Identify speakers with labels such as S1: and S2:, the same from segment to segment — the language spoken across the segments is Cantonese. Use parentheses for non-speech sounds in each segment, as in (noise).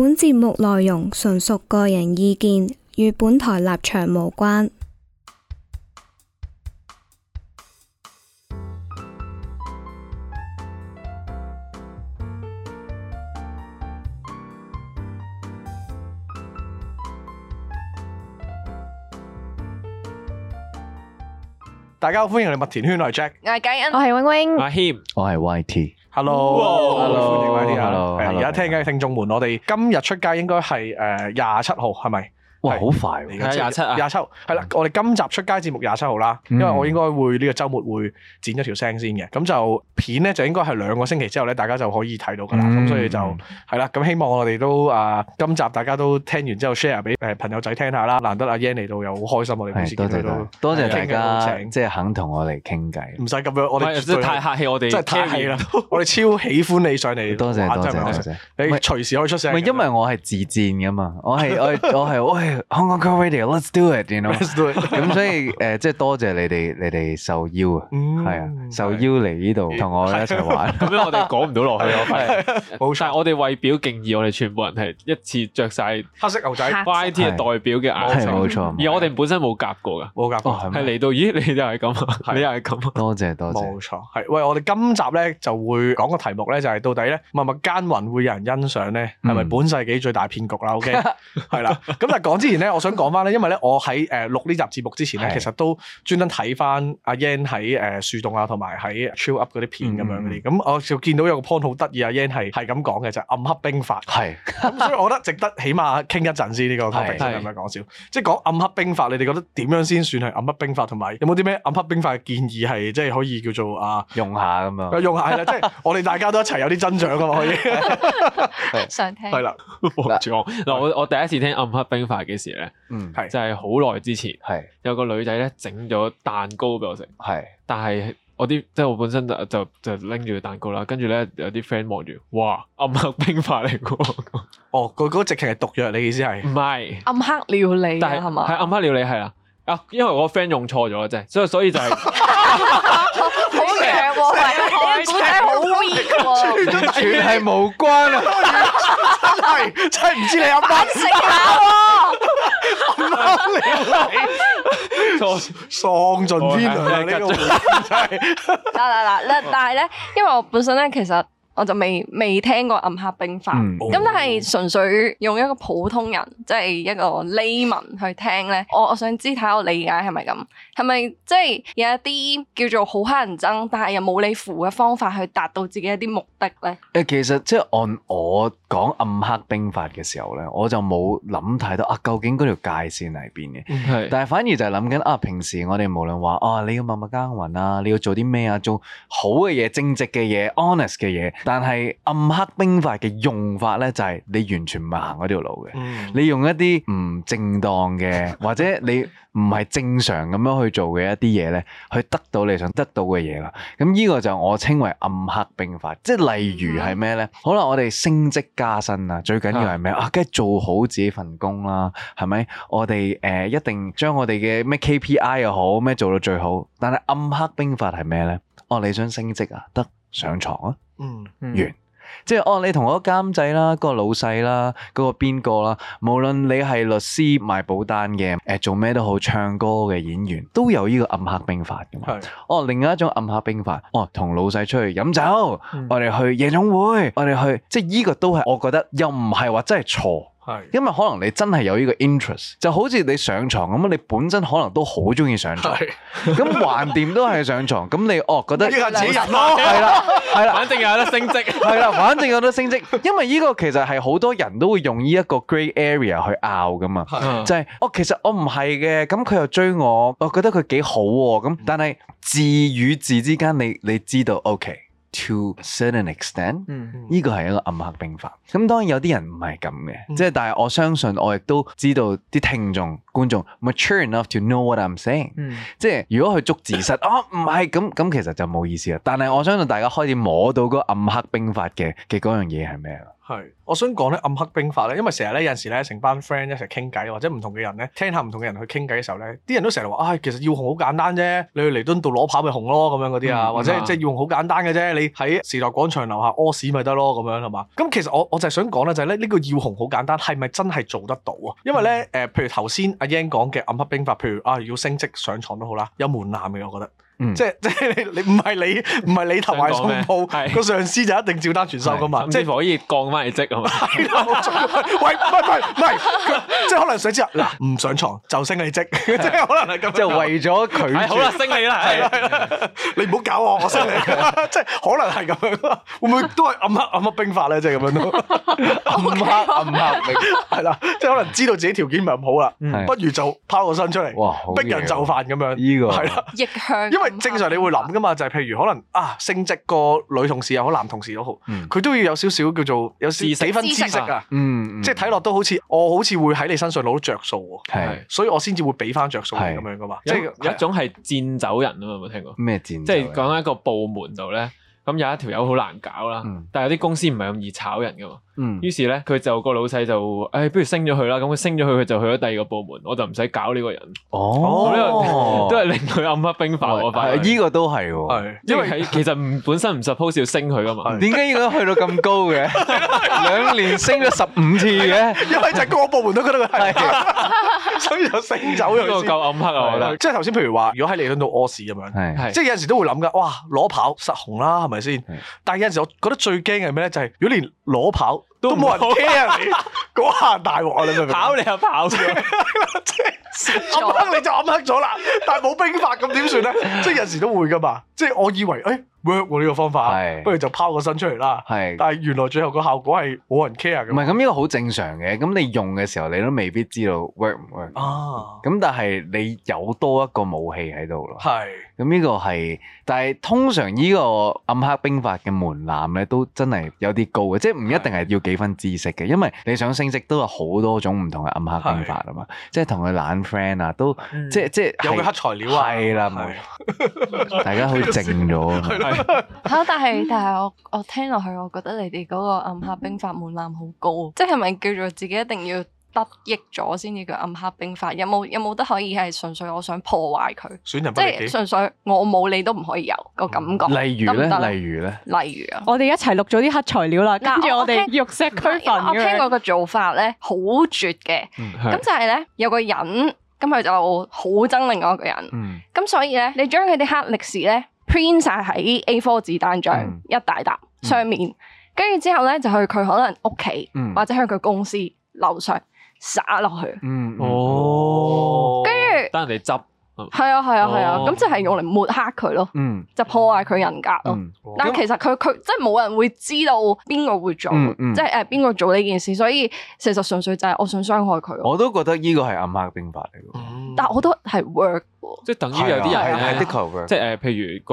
S1: 本節目內容純屬個人意見，與本台立場無關。
S2: 大家好，歡迎嚟麥麥開咪，我係 Jack，
S1: 我係佳恩，我係 Wing Wing，我
S2: 係 Him，我係 Y T。Hello，歡迎埋啲啊！而家聽緊嘅聽眾 hello. 們，我哋今日出街應該係誒廿七號，係、uh, 咪？是喂，好快喎！而家廿七啊，廿七，係啦，我哋今集出街節目廿七號啦，因為我應該會呢個周末會剪咗條聲先嘅，咁就片咧就應該係兩個星期之後咧，大家就可以睇到噶啦，咁所以就係啦，咁希望我哋都啊，今集大家都聽完之後 share 俾誒朋友仔聽下啦，難得阿 Yan 嚟到又好開心，我哋唔見佢都，多謝大家即係肯同我哋傾偈，唔使咁樣，我哋太客氣，我哋真係太客氣啦，我哋超喜歡你上嚟，多謝多謝多謝，你隨時可以出聲，唔係
S3: 因為我係自薦噶嘛，我係我我係我係。Hong Kong Core Radio，let's do
S2: it，you know？Let's do it。
S3: 咁所以誒，即係多謝你哋，你哋受邀啊，係啊，受邀嚟呢度同
S4: 我一齊玩。咁樣我哋講唔到落去咯，冇錯。但係我哋為表敬意，我哋全部人係一次着晒黑色牛仔 Y T 代表嘅，冇錯。而我哋本身冇夾過㗎，冇
S2: 夾過係嚟
S4: 到，咦？你又係咁啊？你又係咁啊？多謝多謝，冇錯。
S2: 係喂，我哋今集咧就會講個題目咧，就係到底咧默默耕耘會有人欣賞咧，係咪本世紀最大騙局啦？OK，係啦。咁但係講之前咧，我想講翻咧，因為咧，我喺誒錄呢集節目之前咧，其實都專登睇翻阿 Yan 喺誒樹洞啊，同埋喺 Chill Up 嗰啲片咁樣嘅嘢。咁我就見到有個 point 好得意，阿 Yan 係咁講嘅，就暗黑兵法。係，所以我覺得值得，起碼傾一陣先呢個 topic 是 笑。即係講暗黑兵法，你哋覺得點樣先算係暗黑兵法？同埋有冇啲咩暗黑兵法嘅建議係即係可以叫做啊用下咁啊？用下係啦，即係我哋大家都一齊有啲增長㗎嘛，可以 (laughs)
S1: 上天。 (laughs) 想
S4: 聽。係啦。嗱，我我第一次聽暗黑兵法。嘅時咧？嗯，係就係好耐之前，係有個女仔咧，整咗蛋糕俾我食，係。但係我啲即係我本身就就就拎住個蛋糕啦，跟住咧有啲 friend 望住，哇，暗黑兵法嚟㗎，哦，佢嗰個直情係毒藥，你意思係？唔係暗黑料理，係嘛？係暗黑料理係啦，啊，因為我 friend 用錯咗啫，所以所以就係好
S1: 弱喎，係，而且好易錯，全全係
S4: 無關啊，
S1: 真係真係唔知你有乜食。
S2: 喪盡天良呢個回
S1: 答，嗱嗱嗱，但係咧，因為我本身咧，其實。我就未未聽過暗黑兵法，咁、嗯、但係純粹用一個普通人，嗯、即係一個 layman 去聽咧，我我想知睇下我理解係咪咁，係咪即係有一啲叫做好乞人憎，但係又冇你符嘅方法去達到自己一啲目的咧？
S3: 誒，其實即係按我講暗黑兵法嘅時候咧，我就冇諗太多啊，究竟嗰條界線喺邊嘅？是但係反而就係諗緊啊，平時我哋無論話啊，你要默默耕耘啊，你要做啲咩啊，做好嘅嘢、正直嘅嘢、honest 嘅嘢。但係暗黑兵法嘅用法咧，就係、是、你完全唔係行嗰條路嘅。嗯、你用一啲唔正當嘅，或者你唔係正常咁樣去做嘅一啲嘢咧，去得到你想得到嘅嘢啦。咁、這、呢個就我稱為暗黑兵法，即係例如係咩咧？好啦，我哋升職加薪啊，最緊要係咩啊？梗係做好自己份工啦，係咪？我哋誒、呃、一定將我哋嘅咩 KPI 又好咩做到最好。但係暗黑兵法係咩咧？哦、啊，你想升職啊？得。上床啊，嗯嗯、完，即係哦，你同嗰個監製啦，嗰、那個老細啦，嗰、那個邊個啦，無論你係律師賣保單嘅，誒、呃、做咩都好，唱歌嘅演員都有呢個暗黑兵法噶嘛，是哦，另外一種暗黑兵法，哦，同老細出去飲酒，嗯、我哋去夜總會，我哋去，即係呢個都係，我覺得又唔係話真係錯。因為可能你真係有呢個 interest，就好似你上床咁，你本身可能都好中意上床，咁橫掂都係上床，咁 (laughs) 你哦覺得呢個扯人咯、啊，係啦
S4: (laughs) 係啦，反正有得升職，係啦， (laughs)
S3: 反正有得升職，因為呢個其實係好多人都會用呢一個 grey area 去拗噶嘛，是的 就係、是、哦，其實我唔係嘅，咁佢又追我，我覺得佢幾好喎、啊，咁但係字與字之間你，你你知道，OK。To a certain extent，呢個係一個暗黑兵法。咁當然有啲人唔係咁嘅，即係但係我相信我亦都知道啲聽眾、觀眾 mature enough to know what I'm saying。即係如果佢捉字蝨，哦唔係咁，咁其實就冇意思啦。但係我相信大家開始摸到個暗黑兵法嘅嘅嗰樣嘢係咩啦。
S2: 係，是我想講咧暗黑兵法咧，因為成日咧有陣時咧成班 friend 一齊傾偈，或者唔同嘅人咧聽下唔同嘅人去傾偈嘅時候咧，啲人都成日話，唉、哎，其實要紅好簡單啫，你去彌敦道裸跑咪紅咯，咁樣嗰啲啊，嗯、或者、嗯、即係要紅好簡單嘅啫，你喺時代廣場樓下屙屎咪得咯，咁樣係嘛？咁其實我我就係想講咧就係、是、咧呢、這個要紅好簡單，係咪真係做得到啊？因為咧誒、嗯呃，譬如頭先阿 Yan 講嘅暗黑兵法，譬如啊要升職上廠都好啦，有門檻嘅，我覺得。即係即係你你唔係你唔係你投懷送抱，個上司就一定照單全收噶嘛？即係可以降翻你職啊嘛？喂，唔係唔係唔係，即係可能上司嗱唔上床就升你職，即係可能係咁。即係為咗佢好啦，升你啦，係你唔好搞我，我升你。即係可能係咁樣，會唔會都係暗黑暗黑兵法咧？即係咁樣都暗黑暗黑，係啦，即係可能知道自己條件唔係咁好啦，不如就拋個身出嚟逼人就範咁樣。呢個係啦，逆向，因為。.正常你會諗噶嘛，就係譬如可能啊，升職個女同事又好，男同事都好，佢、嗯、都要有少少叫做有少幾識分知識，知識啊，嗯，嗯即係睇落都好似我好似會喺你身上攞到著數喎，是所以我先至會俾翻着數你咁是樣噶嘛是是，有一種係戰走人
S4: 啊嘛，有冇聽過？咩戰？
S2: 即係講喺一個部門度咧。
S4: 咁有一條友好難搞啦，但係有啲公司唔係咁易炒人噶嘛。於是咧，佢就個老細就，誒，不如升咗佢啦。咁佢升咗佢，佢就去咗第二個部門，我就唔使搞呢個人。哦，都係令佢暗黑兵法我翻。呢個都係喎，因為其實唔本身唔 suppose 要升佢噶嘛。點解依去到咁高嘅？兩年升咗十五次
S2: 嘅。因為就個部門都覺得佢係，所以
S4: 就升走咗先。呢個夠暗黑啊！我覺得。
S2: 即係頭先譬如話，如果喺你嗰度屙屎咁樣，即係有時都會諗㗎。哇，裸跑失紅啦，係咪？先，但係有陣時我覺得最驚係咩咧？就係、是、如果連裸跑都冇人 care、啊、你嗰下大鑊啊！你明唔明？跑你又跑，即係暗黑你就暗黑咗啦。 (laughs) 但係冇兵法咁點算咧？即係 (laughs) 有陣時都會噶嘛。即、就、係、是、我以為誒。哎 work 喎，呢個方法，不如就拋個身出嚟啦。係，但係原來最後個效果係冇人 care 咁。唔係，咁呢個好正
S3: 常嘅，咁你用嘅時候你都未必知道 work 唔 work 啊。咁但係你有多一個武器喺度咯。係。咁呢個係，但係通常呢個暗黑兵法嘅門檻咧都真係有啲高嘅，即係唔一定係要幾分知識嘅，因為你想升職都有好多種唔同嘅暗黑兵法啊嘛。即係同佢懶 friend 啊，都即即係
S2: 有冇黑材料啊？係啦，
S1: 大家好似靜咗。吓！但係但係，我我聽落去，我覺得你哋嗰個暗黑兵法門檻好高，即係咪叫做自己一定要得益咗先至叫暗黑兵法？有冇有冇得可以係純粹我想破壞佢？
S2: 即係純
S1: 粹我冇，你都唔可以有個感覺。例如咧，例
S3: 如
S2: 咧，
S1: 例如啊，我哋一齊錄咗啲黑材料啦，跟住我哋玉石俱焚啊！我聽過個做法咧好絕嘅，咁就係咧有個人，咁佢就好憎另外一個人，咁所以咧你將佢啲黑歷史咧，print c 曬喺 A4 紙單張、嗯、一大沓上面，跟住、嗯、之後呢，就去佢可能屋企、嗯、或者去佢公司樓上撒落去，
S4: 嗯。嗯，哦，跟住後係啊係啊係啊，咁、啊啊啊、即係
S1: 用嚟抹黑佢咯，就、嗯、破壞佢人格咯。嗯、但係其實佢佢即係冇人會知道邊個會做，嗯嗯、即係誒邊個做呢件事，所以其實純粹就係我想傷害佢。
S4: 我都覺得呢個係暗黑嘅兵法嚟嘅，嗯、
S1: 但係我都係 work
S4: 嘅，即係等於有啲人咧，啊、work 即係、啊、誒，譬如、嗰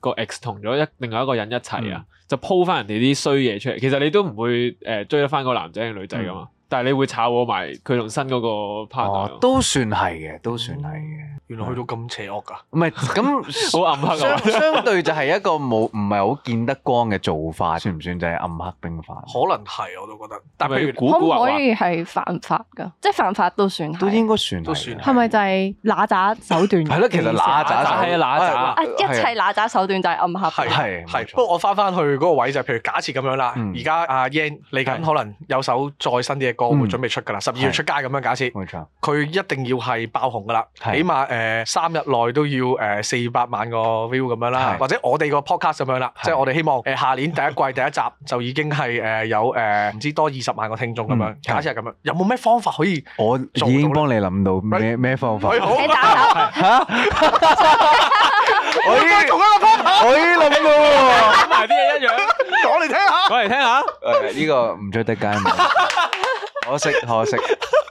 S4: 個、嗰個 ex 同咗一另外一個人一齊啊，嗯、就鋪翻人哋啲衰嘢出嚟，其實你都唔會誒追得翻個男仔女仔噶嘛。嗯但係你會炒我埋佢同新嗰個 partner，都算係嘅，都算係
S2: 嘅。原來去到咁邪惡㗎，
S4: 唔係咁好
S2: 暗黑。相相
S3: 對就係一個冇唔係好見得光嘅做法，算唔算就係暗黑兵法？
S2: 可能係，我都覺得。但係譬如古古話
S3: 可
S1: 唔可以係犯法㗎？即係犯法都算，都應該
S3: 算，都
S2: 算。係
S1: 咪就係拿渣手段？係咯，其實拿渣。係啊，拿渣一切拿渣手段就係暗黑。係
S2: 係。不過我翻翻去嗰個位就係，譬如假設咁樣啦，而家阿 Yan，嚟緊可能有首再新啲嘢。個會準備出㗎啦，十二月出街咁樣假設，冇錯，佢一定要係爆紅㗎啦，起碼誒三日內都要誒四百萬個 view 咁樣啦，或者我哋個 podcast 咁樣啦，即係我哋希望誒下年第一季第一集就已經係誒有誒唔知多二十萬個聽眾咁樣，假設係咁樣，有冇咩方法可以？我已經幫你諗到咩咩方法？你打手，我已經仲
S4: 有一個方法，我已經諗喎，諗
S2: 埋啲嘢一樣，講嚟聽
S4: 下，講嚟聽下。誒呢個
S3: 唔出得
S2: 街。可惜可惜，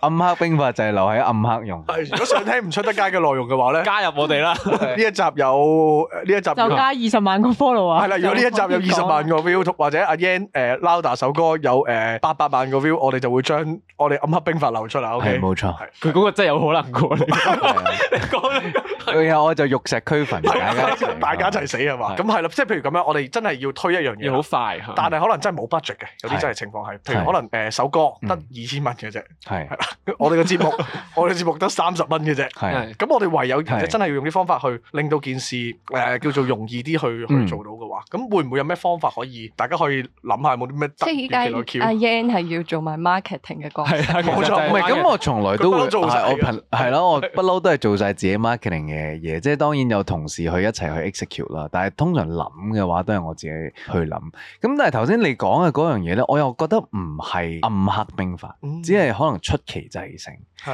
S3: 暗黑兵法就係留喺暗黑用。係，如果想聽唔出得街嘅內容
S2: 嘅話咧，加入我哋啦。呢一集有呢一集就加
S1: 二十萬個 follow 啊！係啦，如果呢一集有二十萬
S2: 個 view，或者阿 Yan 誒 LOUDER 首歌有誒八百萬個 view，我哋就會將我哋暗黑兵法流出嚟。OK，冇錯，佢嗰個真係有可能過嚟。
S3: 講咧，然後我就玉石俱焚，
S2: 大家一齊死啊嘛？咁係啦，即係譬如咁樣，我哋真係要推一樣嘢，要好快，但係可能真係冇 budget 嘅，有啲真係情況係，譬如可能誒首歌得二。千蚊嘅啫，係，是 (laughs) 我哋嘅節目， (laughs) 我哋節目得三十蚊嘅啫，係咁 (laughs) 是的 我哋唯有真係要用啲方法去令到件事誒是的、呃、叫做容易啲去 (laughs) 去做到嘅。咁會唔會有咩方法可以？大家可以諗下，冇啲咩即別嘅阿
S1: Yan 係要做埋 marketing 嘅角色，冇
S2: 錯，唔係。咁我從來都係做朋咯，我不嬲都係做晒自己
S3: marketing 嘅嘢。即係當然有同事去一齊去 execute 啦。但係通常諗嘅話，都係我自己去諗。咁但係頭先你講嘅嗰樣嘢咧，我又覺得唔係暗黑兵法，只係可能出奇制勝。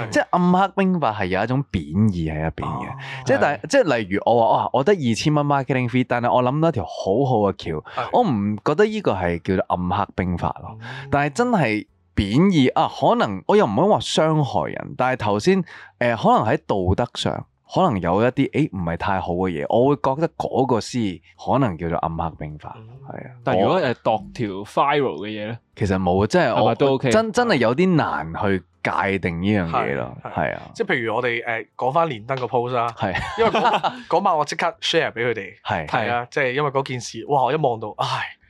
S3: 即係暗黑兵法係有一種貶義喺入邊嘅。即係但係即係例如我話哇，我得二千蚊 marketing fee，但係我諗到一條好。好好嘅橋，的我唔覺得呢個係叫做暗黑兵法咯。嗯、但係真係貶義啊，可能我又唔可以話傷害人，但係頭先誒，可能喺道德上，可能有一啲誒唔係太好嘅嘢，我會覺得嗰個思可能叫做暗黑兵法，係啊、嗯。的但係如果
S2: 誒度條 viral 嘅嘢咧，
S3: 其實冇啊，即係我都 OK，真真係有啲難去。界定呢樣嘢咯，係
S2: 啊，的即係譬如我哋誒講翻連登個 post 啦，係，因為嗰 (laughs) 晚我即刻 share 俾佢哋，係的，係啊，即係因為嗰件事，哇！我一望到，唉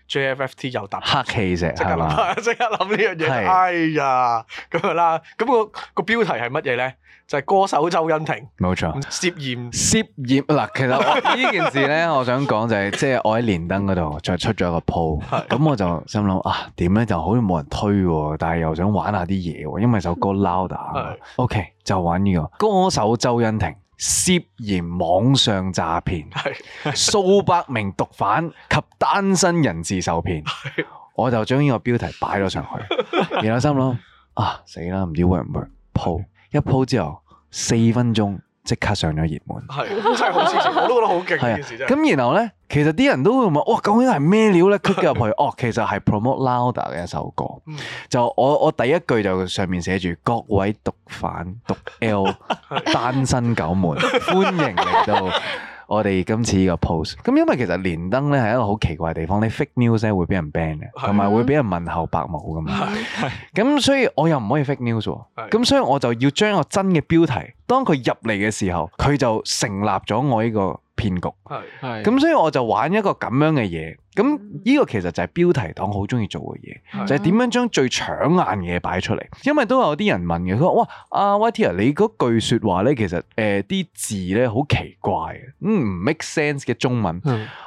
S2: ，JFFT 又搭客氣石，即刻諗，即的刻諗呢樣嘢，哎呀，咁樣啦，咁個個標題係乜嘢咧？就係歌手周殷廷，冇錯錯，涉嫌、嗯、
S3: 涉嫌嗱，其實呢 (laughs) 件事咧，我想講就係、是，即、就、係、是、我喺連登嗰度再出咗個 po，咁是我就心諗啊，點咧就好似冇人推，但係又想玩下啲嘢，因為首歌 Louder，OK，是、okay, 就玩呢、這個歌手周殷廷涉嫌網上詐騙，數百名毒販及單身人士受騙，是 (laughs) 我就將呢個標題擺咗上去，然後心諗啊，死、啊、啦，唔知，知會唔會，會 p 一鋪之後四分鐘即刻上咗熱門，
S4: 係真係好事，我都覺得好勁呢件事。咁
S3: (laughs) 然後呢，其實啲人都會問：哇，究竟係咩料呢？click 入去，哦，其實係 Promote Louder 嘅一首歌。 (laughs) 就我我第一句就上面寫住各位毒販、毒 L、單身狗們，歡迎嚟到。我哋今次呢個 post 咁因為其實連登咧係一個好奇怪嘅地方，你 fake news 咧會俾人 ban 嘅，同埋會俾人問候伯母咁。係咁所以我又唔可以 fake news 喎的，咁所以我就要將一個真嘅標題，當佢入嚟嘅時候，佢就成立咗我呢個騙局。咁所以我就玩一個咁樣嘅嘢。咁呢個其實就係標題黨好中意做嘅嘢，的就係點樣將最搶眼嘅嘢擺出嚟。因為都有啲人問嘅，佢話哇，阿、啊、Whitey 你句說話咧，其實誒啲、呃、字咧好奇怪嘅，唔、嗯、make sense 嘅中文。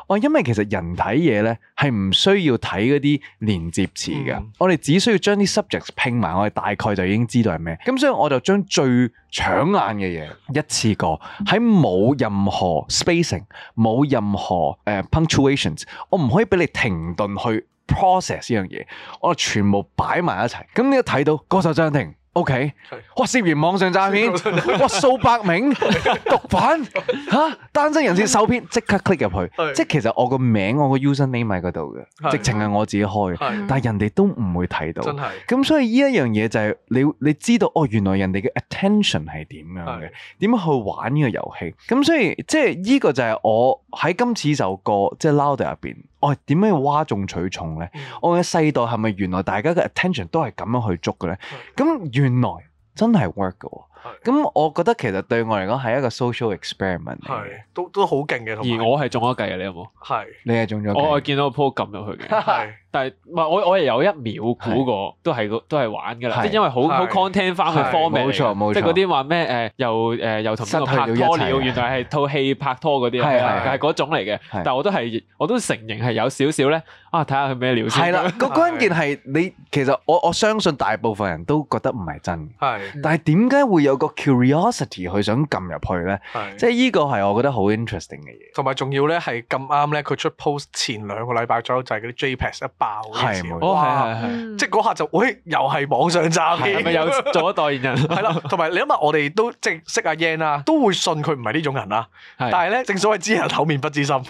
S3: 我的因為其實人睇嘢咧係唔需要睇啲連接詞嘅，嗯、我哋只需要將啲 subjects 拼埋，我哋大概就已經知道係咩。咁所以我就將最搶眼嘅嘢一次過，喺冇、嗯、任何 spacing、冇任何誒、uh, punctuations，我唔可可以俾你停頓去 process 呢樣嘢，我全部擺埋一齊。咁你一睇到歌手暫停，OK，哇！涉嫌網上詐騙，哇！數 (laughs) 百名 (laughs) 毒販，吓單身人士受騙，即 (laughs) 刻 click 入去。是即係其實我個名，我個 user name 喺嗰度嘅，是直情係我自己開是但係人哋都唔會睇到，真係。咁所以呢一樣嘢就係、是、你，你知道哦，原來人哋嘅 attention 係點樣嘅，點樣，樣去玩呢個遊戲。咁是所以即係呢個就係我喺今次首歌即係 Louder 入邊。哎嗯、我點樣要嘩眾取寵咧？我嘅世代係咪原來大家嘅 attention 都係咁樣去捉嘅咧？咁是的 原來真係 work 嘅喎、哦。咁是的 我覺得其實對我嚟講係一個 social
S4: experiment。係，都都好勁嘅。而，而我係中咗計嘅，你有冇？係是的，
S3: 你係中咗。我係
S4: 見到個 post 撳入去嘅。 (laughs) 但係唔係我我係有一秒估過，都係都係玩㗎啦，即係因為好好 content 翻佢封面嚟，即係嗰啲話咩誒又誒又同邊個拍拖了，原來係套戲拍拖嗰啲啊，係係嗰種嚟嘅。但係我都係我都承認係有少少咧啊，睇下佢咩料先。係啦，個關鍵係
S3: 你其實我我相信大部分人都覺得唔係真，係，但係點解會有個 curiosity 去想撳入去咧？即係呢個係我覺得好 interesting 嘅嘢。
S2: 同埋仲要咧係咁啱咧，佢出 post 前兩個禮拜左右就係嗰啲 J-Pass 爆嘅時候，哇！即係嗰刻就，誒，又係網上炸係咪又做咗代言人？係啦，同埋你諗下，我哋都即係識阿 Yan 啦，都會信佢唔係呢種人啦。但係咧，正所謂知人口面不知心，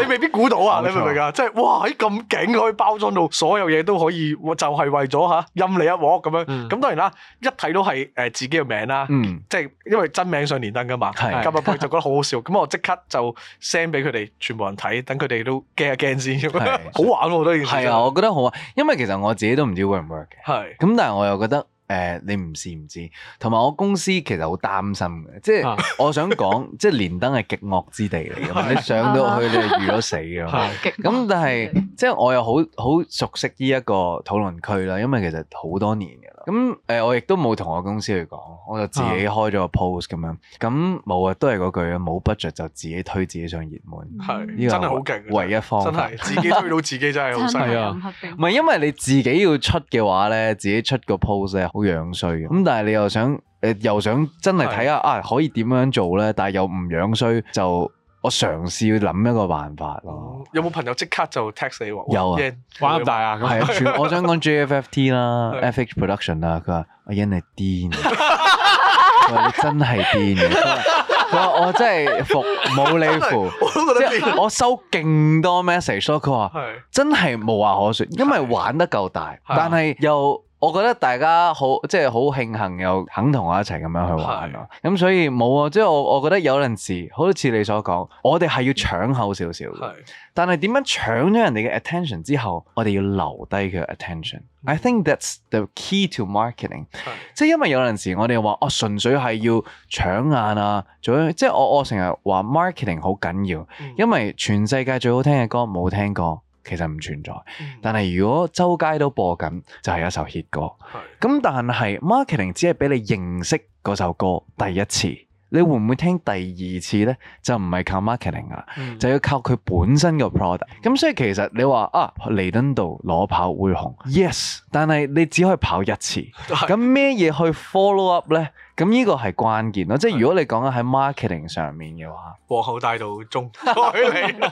S2: 你未必估到啊！你明唔明啊？即係，哇！咁勁，可以包裝到所有嘢都可以，就係為咗嚇陰你一鑊咁樣。咁當然啦，一睇都係誒自己嘅名啦。即係因為真名上連登㗎嘛。係。日佢就覺得好好笑。咁我即刻就 send 俾佢哋全部人睇，等佢哋都驚一驚先。好
S3: 玩喎！係啊，是我覺得好啊，因為其實我自己都唔知 work 唔 work 嘅，係咁是，但係我又覺得誒、呃，你唔試唔知。同埋我公司其實好擔心嘅，即係我想講， (laughs) 即係連登係極惡之地嚟嘅嘛， (laughs) 你上到去你就遇到死嘅嘛。咁但係即係我又好好熟悉呢一個討論區啦，因為其實好多年嘅啦。咁誒、呃，我亦都冇同我公司去講，我就自己開咗個 post 咁樣。咁冇啊，都係嗰句啊，冇 budget 就自己推自己上熱門。係、嗯，呢個真係好勁，唯一方法真，真係 (laughs) 自己推到
S2: 自己真係好犀利啊！
S3: 唔係、啊、因為你自己要出嘅話咧，自己出個 post 咧好樣衰。咁但係你又想誒、呃，又想真係睇下啊，可以點樣做咧？但係又唔樣衰就。我嘗試要諗一個辦法咯、
S2: 嗯。有冇朋友即刻就 text 你話？有啊，玩咁大啊！係啊的， (laughs) 我想
S3: 講 GFFT 啦的，FH Production 啦。佢話：我人係癲，
S2: 佢話你真係癲，佢
S3: 話我真係服，冇你服。我都覺得癲。 (laughs) 我收勁多 message，佢話真係無話可説，因為玩得夠大，的但係又。我覺得大家好，即係好慶幸又肯同我一齊咁樣去玩咯。咁是、嗯、所以冇啊，即係我我覺得有陣時好似你所講，我哋係要搶口少少是，但係點樣搶咗人哋嘅 attention 之後，我哋要留低佢嘅 attention。是 I think that's the key to marketing 是。即係因為有陣時我哋話哦，純粹係要搶眼啊，做樣即係我我成日話 marketing 好緊要，因為全世界最好聽嘅歌冇聽過。其實唔存在，嗯、但係如果周街都播緊，就係、是、一首 hit 歌。咁是的 但係 marketing 只係俾你認識嗰首歌第一次，你會唔會聽第二次呢？就唔係靠 marketing 啦，嗯、就要靠佢本身嘅 product。咁、嗯、所以其實你話啊，彌敦道攞跑會紅，yes。嗯、但係你只可以跑一次，咁咩嘢去 follow up 呢？咁呢個係關鍵咯。即係是的 如果你講緊喺 marketing 上面
S2: 嘅話，皇后大道中。哎 (laughs) (laughs)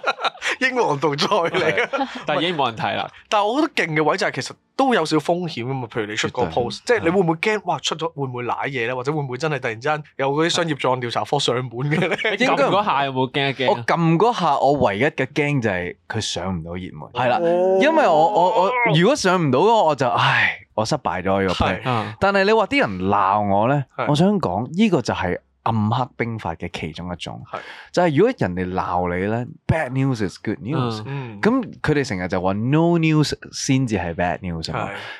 S2: 英皇道在嚟啊，但係已經冇人睇啦。但係我覺得勁嘅位就係其實都有少風險㗎嘛。譬如你出個 post，< 絕對 S 2> 即係你會唔會驚？哇！出咗會唔會瀨嘢咧？或者會唔會真係突然之間有嗰啲商業罪案調查科上門嘅咧？ (laughs) 你撳嗰下
S4: 有冇驚一驚？我
S3: 撳嗰下，我唯一嘅驚就係佢上唔到熱門。係啦、哦，因為我我我，我如果上唔到嘅話，我就唉，我失敗咗的呢個 post，但係你話啲人鬧我咧，的我想講呢個就係、是。暗黑兵法嘅其中一種，是就係如果人哋鬧你咧，bad news is good news。咁佢哋成日就話 no news 先至係 bad news，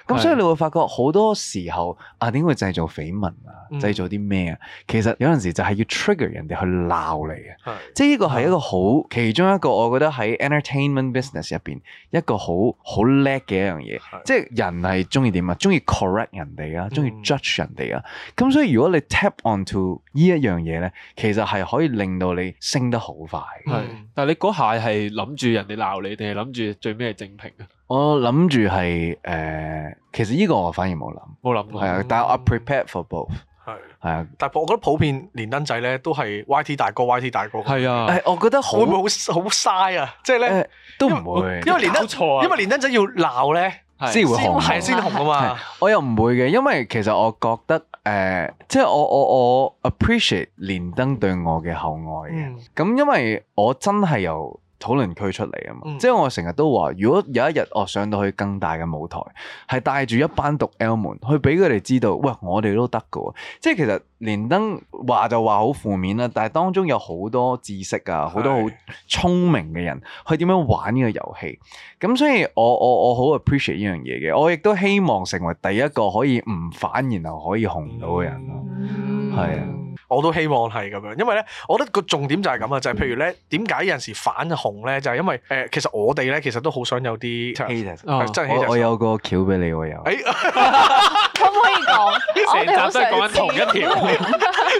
S3: 咁是所以你會發覺好多時候啊，點會製造緋聞啊，製造啲咩啊？啊嗯、其實有陣時就係要 trigger 人哋去鬧你啊，是即係呢個係一個好是其中一個我覺得喺 entertainment business 入邊一個好好叻嘅一是樣嘢，即係人係中意點啊？中意 correct 人哋啊，中意 judge 人哋啊，咁、嗯、所以如果你 tap on to 一樣嘢咧，其實係可以令到你升得好快係、嗯，
S4: 但係你嗰下係諗住人哋鬧你，定係諗住
S2: 最屘係正評啊？
S3: 我諗住係誒，其實呢個我反而冇諗，冇
S2: 諗過係啊。但係我 prepare for both，係係啊。的但係我覺得普遍連登仔咧都係 YT 大哥，YT 大哥係啊。我覺得會唔會好好嘥啊？即係咧都唔會因，因為連登，啊、因為連登仔要鬧咧先會紅,紅，係先紅噶嘛。
S3: 我又唔會嘅，因為其實我覺得。誒，uh, 即係我我我 appreciate 連登對我嘅厚愛嘅，咁、mm. 因為我真係由討論區出嚟啊嘛，嗯、即係我成日都話，如果有一日我上到去更大嘅舞台，係帶住一班毒 L 們去俾佢哋知道，喂，我哋都得㗎喎。即係其實連登話就話好負面啦，但係當中有好多知識啊，好多好聰明嘅人去點樣玩呢個遊戲。咁是所以我，我我我好 appreciate 呢樣嘢嘅，我亦都希望成為第一個可以唔反然後可以紅到嘅人咯，係啊、嗯。
S2: 我都希望係咁樣，因為咧，我覺得個重點就係咁啊，就係譬如咧，點解有陣時反紅咧，就係因為誒，其實我哋咧，其實都好想有啲，我我
S3: 有個橋俾你喎，有，
S2: 可
S4: 唔可以講？成集都講緊同一條，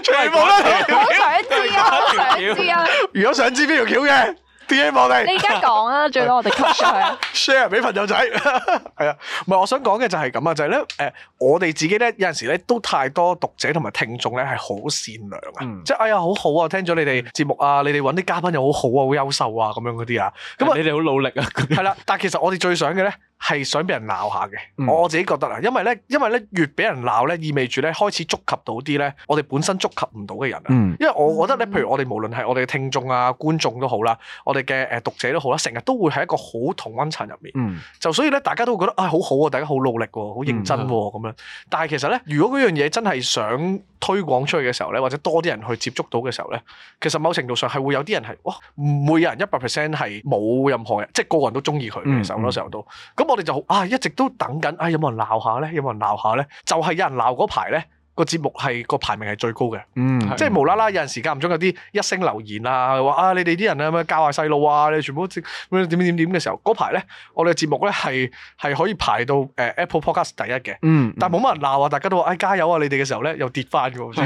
S2: 全部都同一條，
S3: 想
S2: 知啊，想知啊，如果想知邊條橋嘅？我哋，你而家講啊，
S1: (laughs) 最多我哋吸
S2: 晒 share 俾朋友仔，係 (laughs) 啊，唔係我想講嘅就係咁啊，就係咧，誒，我哋自己咧有陣時咧都太多讀者同埋聽眾咧係好善良啊，即係、嗯就是、哎呀好好啊，聽咗你哋節目啊，你哋搵啲嘉賓又好好啊，好優秀啊，咁樣嗰啲啊，咁你哋好努力啊，係啦， (laughs) 但係其實我哋最想嘅咧。係想俾人鬧下嘅，嗯、我自己覺得啦，因為咧，因為咧越俾人鬧咧，意味住咧開始觸及到啲咧，我哋本身觸及唔到嘅人啊。嗯、因為我覺得咧，譬如我哋無論係我哋嘅聽眾啊、觀眾都好啦，我哋嘅誒讀者都好啦，成日都會喺一個好同溫層入面。嗯、就所以咧，大家都會覺得啊，好、哎、好啊，大家好努力、啊，好認真咁、啊嗯、樣。但係其實咧，如果嗰樣嘢真係想推廣出去嘅時候咧，或者多啲人去接觸到嘅時候咧，其實某程度上係會有啲人係哇，唔會有人一百 percent 係冇任何，人，即係個個人都中意佢。嗯、其實好多時候都咁。我哋就啊，一直都等緊，啊有冇人鬧下咧？有冇人鬧下咧？就係、是、有人鬧嗰排咧。個節目係個排名係最高嘅，嗯，即係無啦啦有陣時間唔中，有啲一聲留言啊，話啊你哋啲人啊咩教壞細路啊，你全部點點點嘅時候，嗰排咧我哋嘅節目咧係係可以排到誒 Apple Podcast 第一嘅，嗯，但係冇乜人鬧啊，大家都話哎加油啊你哋嘅時候咧又跌翻嘅，所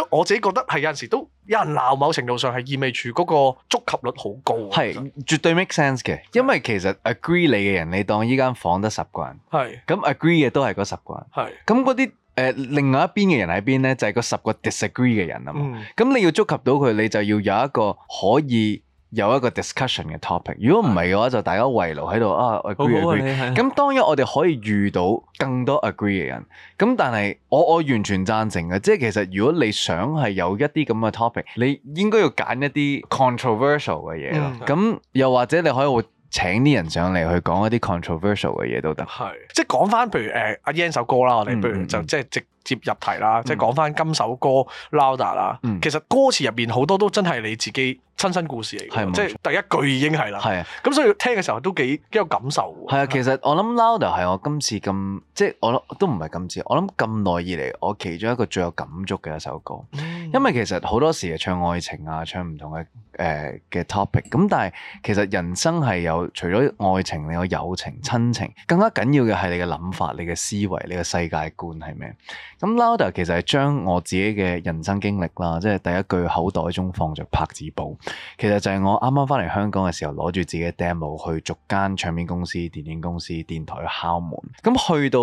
S2: 以我自己覺得係有陣時都有人鬧，某程度上係意味住嗰個觸及率好高，係
S3: 絕對 make sense 嘅，因為其實 agree 你嘅人，你當依間房得十個人，係，咁 agree 嘅都係嗰十個人，係，咁啲。誒另外一邊嘅人喺邊呢？就係、是、嗰十個 disagree 嘅人啊嘛。咁、嗯、你要觸及到佢，你就要有一個可以有一個 discussion 嘅 topic。如果唔係嘅話，啊、就大家圍爐喺度啊，agree agree。咁當然我哋可以遇到更多 agree 嘅人。咁但係我我完全贊成嘅，即係其實如果你想係有一啲咁嘅 topic，你應該
S2: 要揀一啲
S3: controversial 嘅嘢咯。咁、嗯、又或者你可以，請啲人上嚟去講一啲 controversial 嘅嘢都得，係
S2: 即係講翻，譬如誒阿、啊、Yan 首歌啦，我哋、嗯、譬如就即係直接入題啦，嗯、即係講翻今首歌《Louder、嗯》啦，其實歌詞入邊好多都真係你自己親身故事嚟嘅，嗯、即係第一句已經係啦，咁錯是所以聽嘅時候都幾，幾有感受。
S3: 係啊的，其實我諗《Louder》係我今次咁，即係我諗都唔係今次，我諗咁耐以嚟，我其中一個最有感觸嘅一首歌。嗯因為其實好多時唱愛情啊，唱唔同嘅誒嘅 topic，咁但係其實人生係有除咗愛情，你有友情、親情，更加緊要嘅係你嘅諗法、你嘅思維、你嘅世界觀係咩？咁 Louder 其實係將我自己嘅人生經歷啦，即係第一句口袋中放着拍紙簿，其實就係我啱啱翻嚟香港嘅時候，攞住自己嘅 demo 去逐間唱片公司、電影公司、電台去敲門，咁去到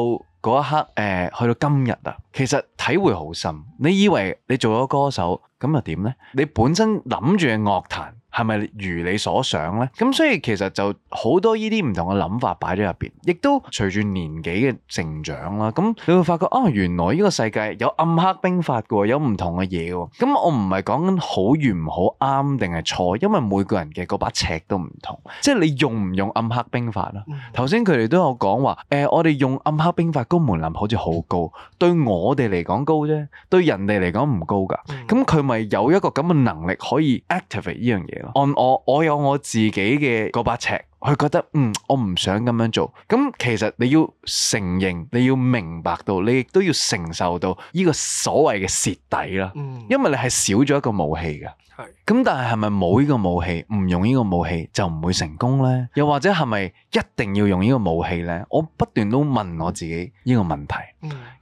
S3: 嗰一刻，誒、呃、去到今日啊，其實體會好深。你以為你做咗歌手，咁又點咧？你本身諗住嘅樂壇。係咪如你所想呢？咁所以其實就好多呢啲唔同嘅諗法擺咗入邊，亦都隨住年紀嘅成長啦。咁你會發覺啊、哦，原來呢個世界有暗黑兵法嘅，有唔同嘅嘢嘅。咁我唔係講緊好與唔好啱定係錯，因為每個人嘅嗰把尺都唔同，即係你用唔用暗黑兵法啦。頭先佢哋都有講話，誒、呃、我哋用暗黑兵法個門檻好似好高，對我哋嚟講高啫，對人哋嚟講唔高㗎。咁佢咪有一個咁嘅能力可以 activate 呢樣嘢。按我，我有我自己嘅嗰把尺。佢覺得嗯，我唔想咁樣做。咁其實你要承認，你要明白到，你亦都要承受到呢個所謂嘅蝕底啦。因為你係少咗一個武器㗎。係、嗯。咁但係係咪冇呢個武器，唔用呢個武器就唔會成功呢？又或者係咪一定要用呢個武器呢？我不斷都問我自己呢個問題。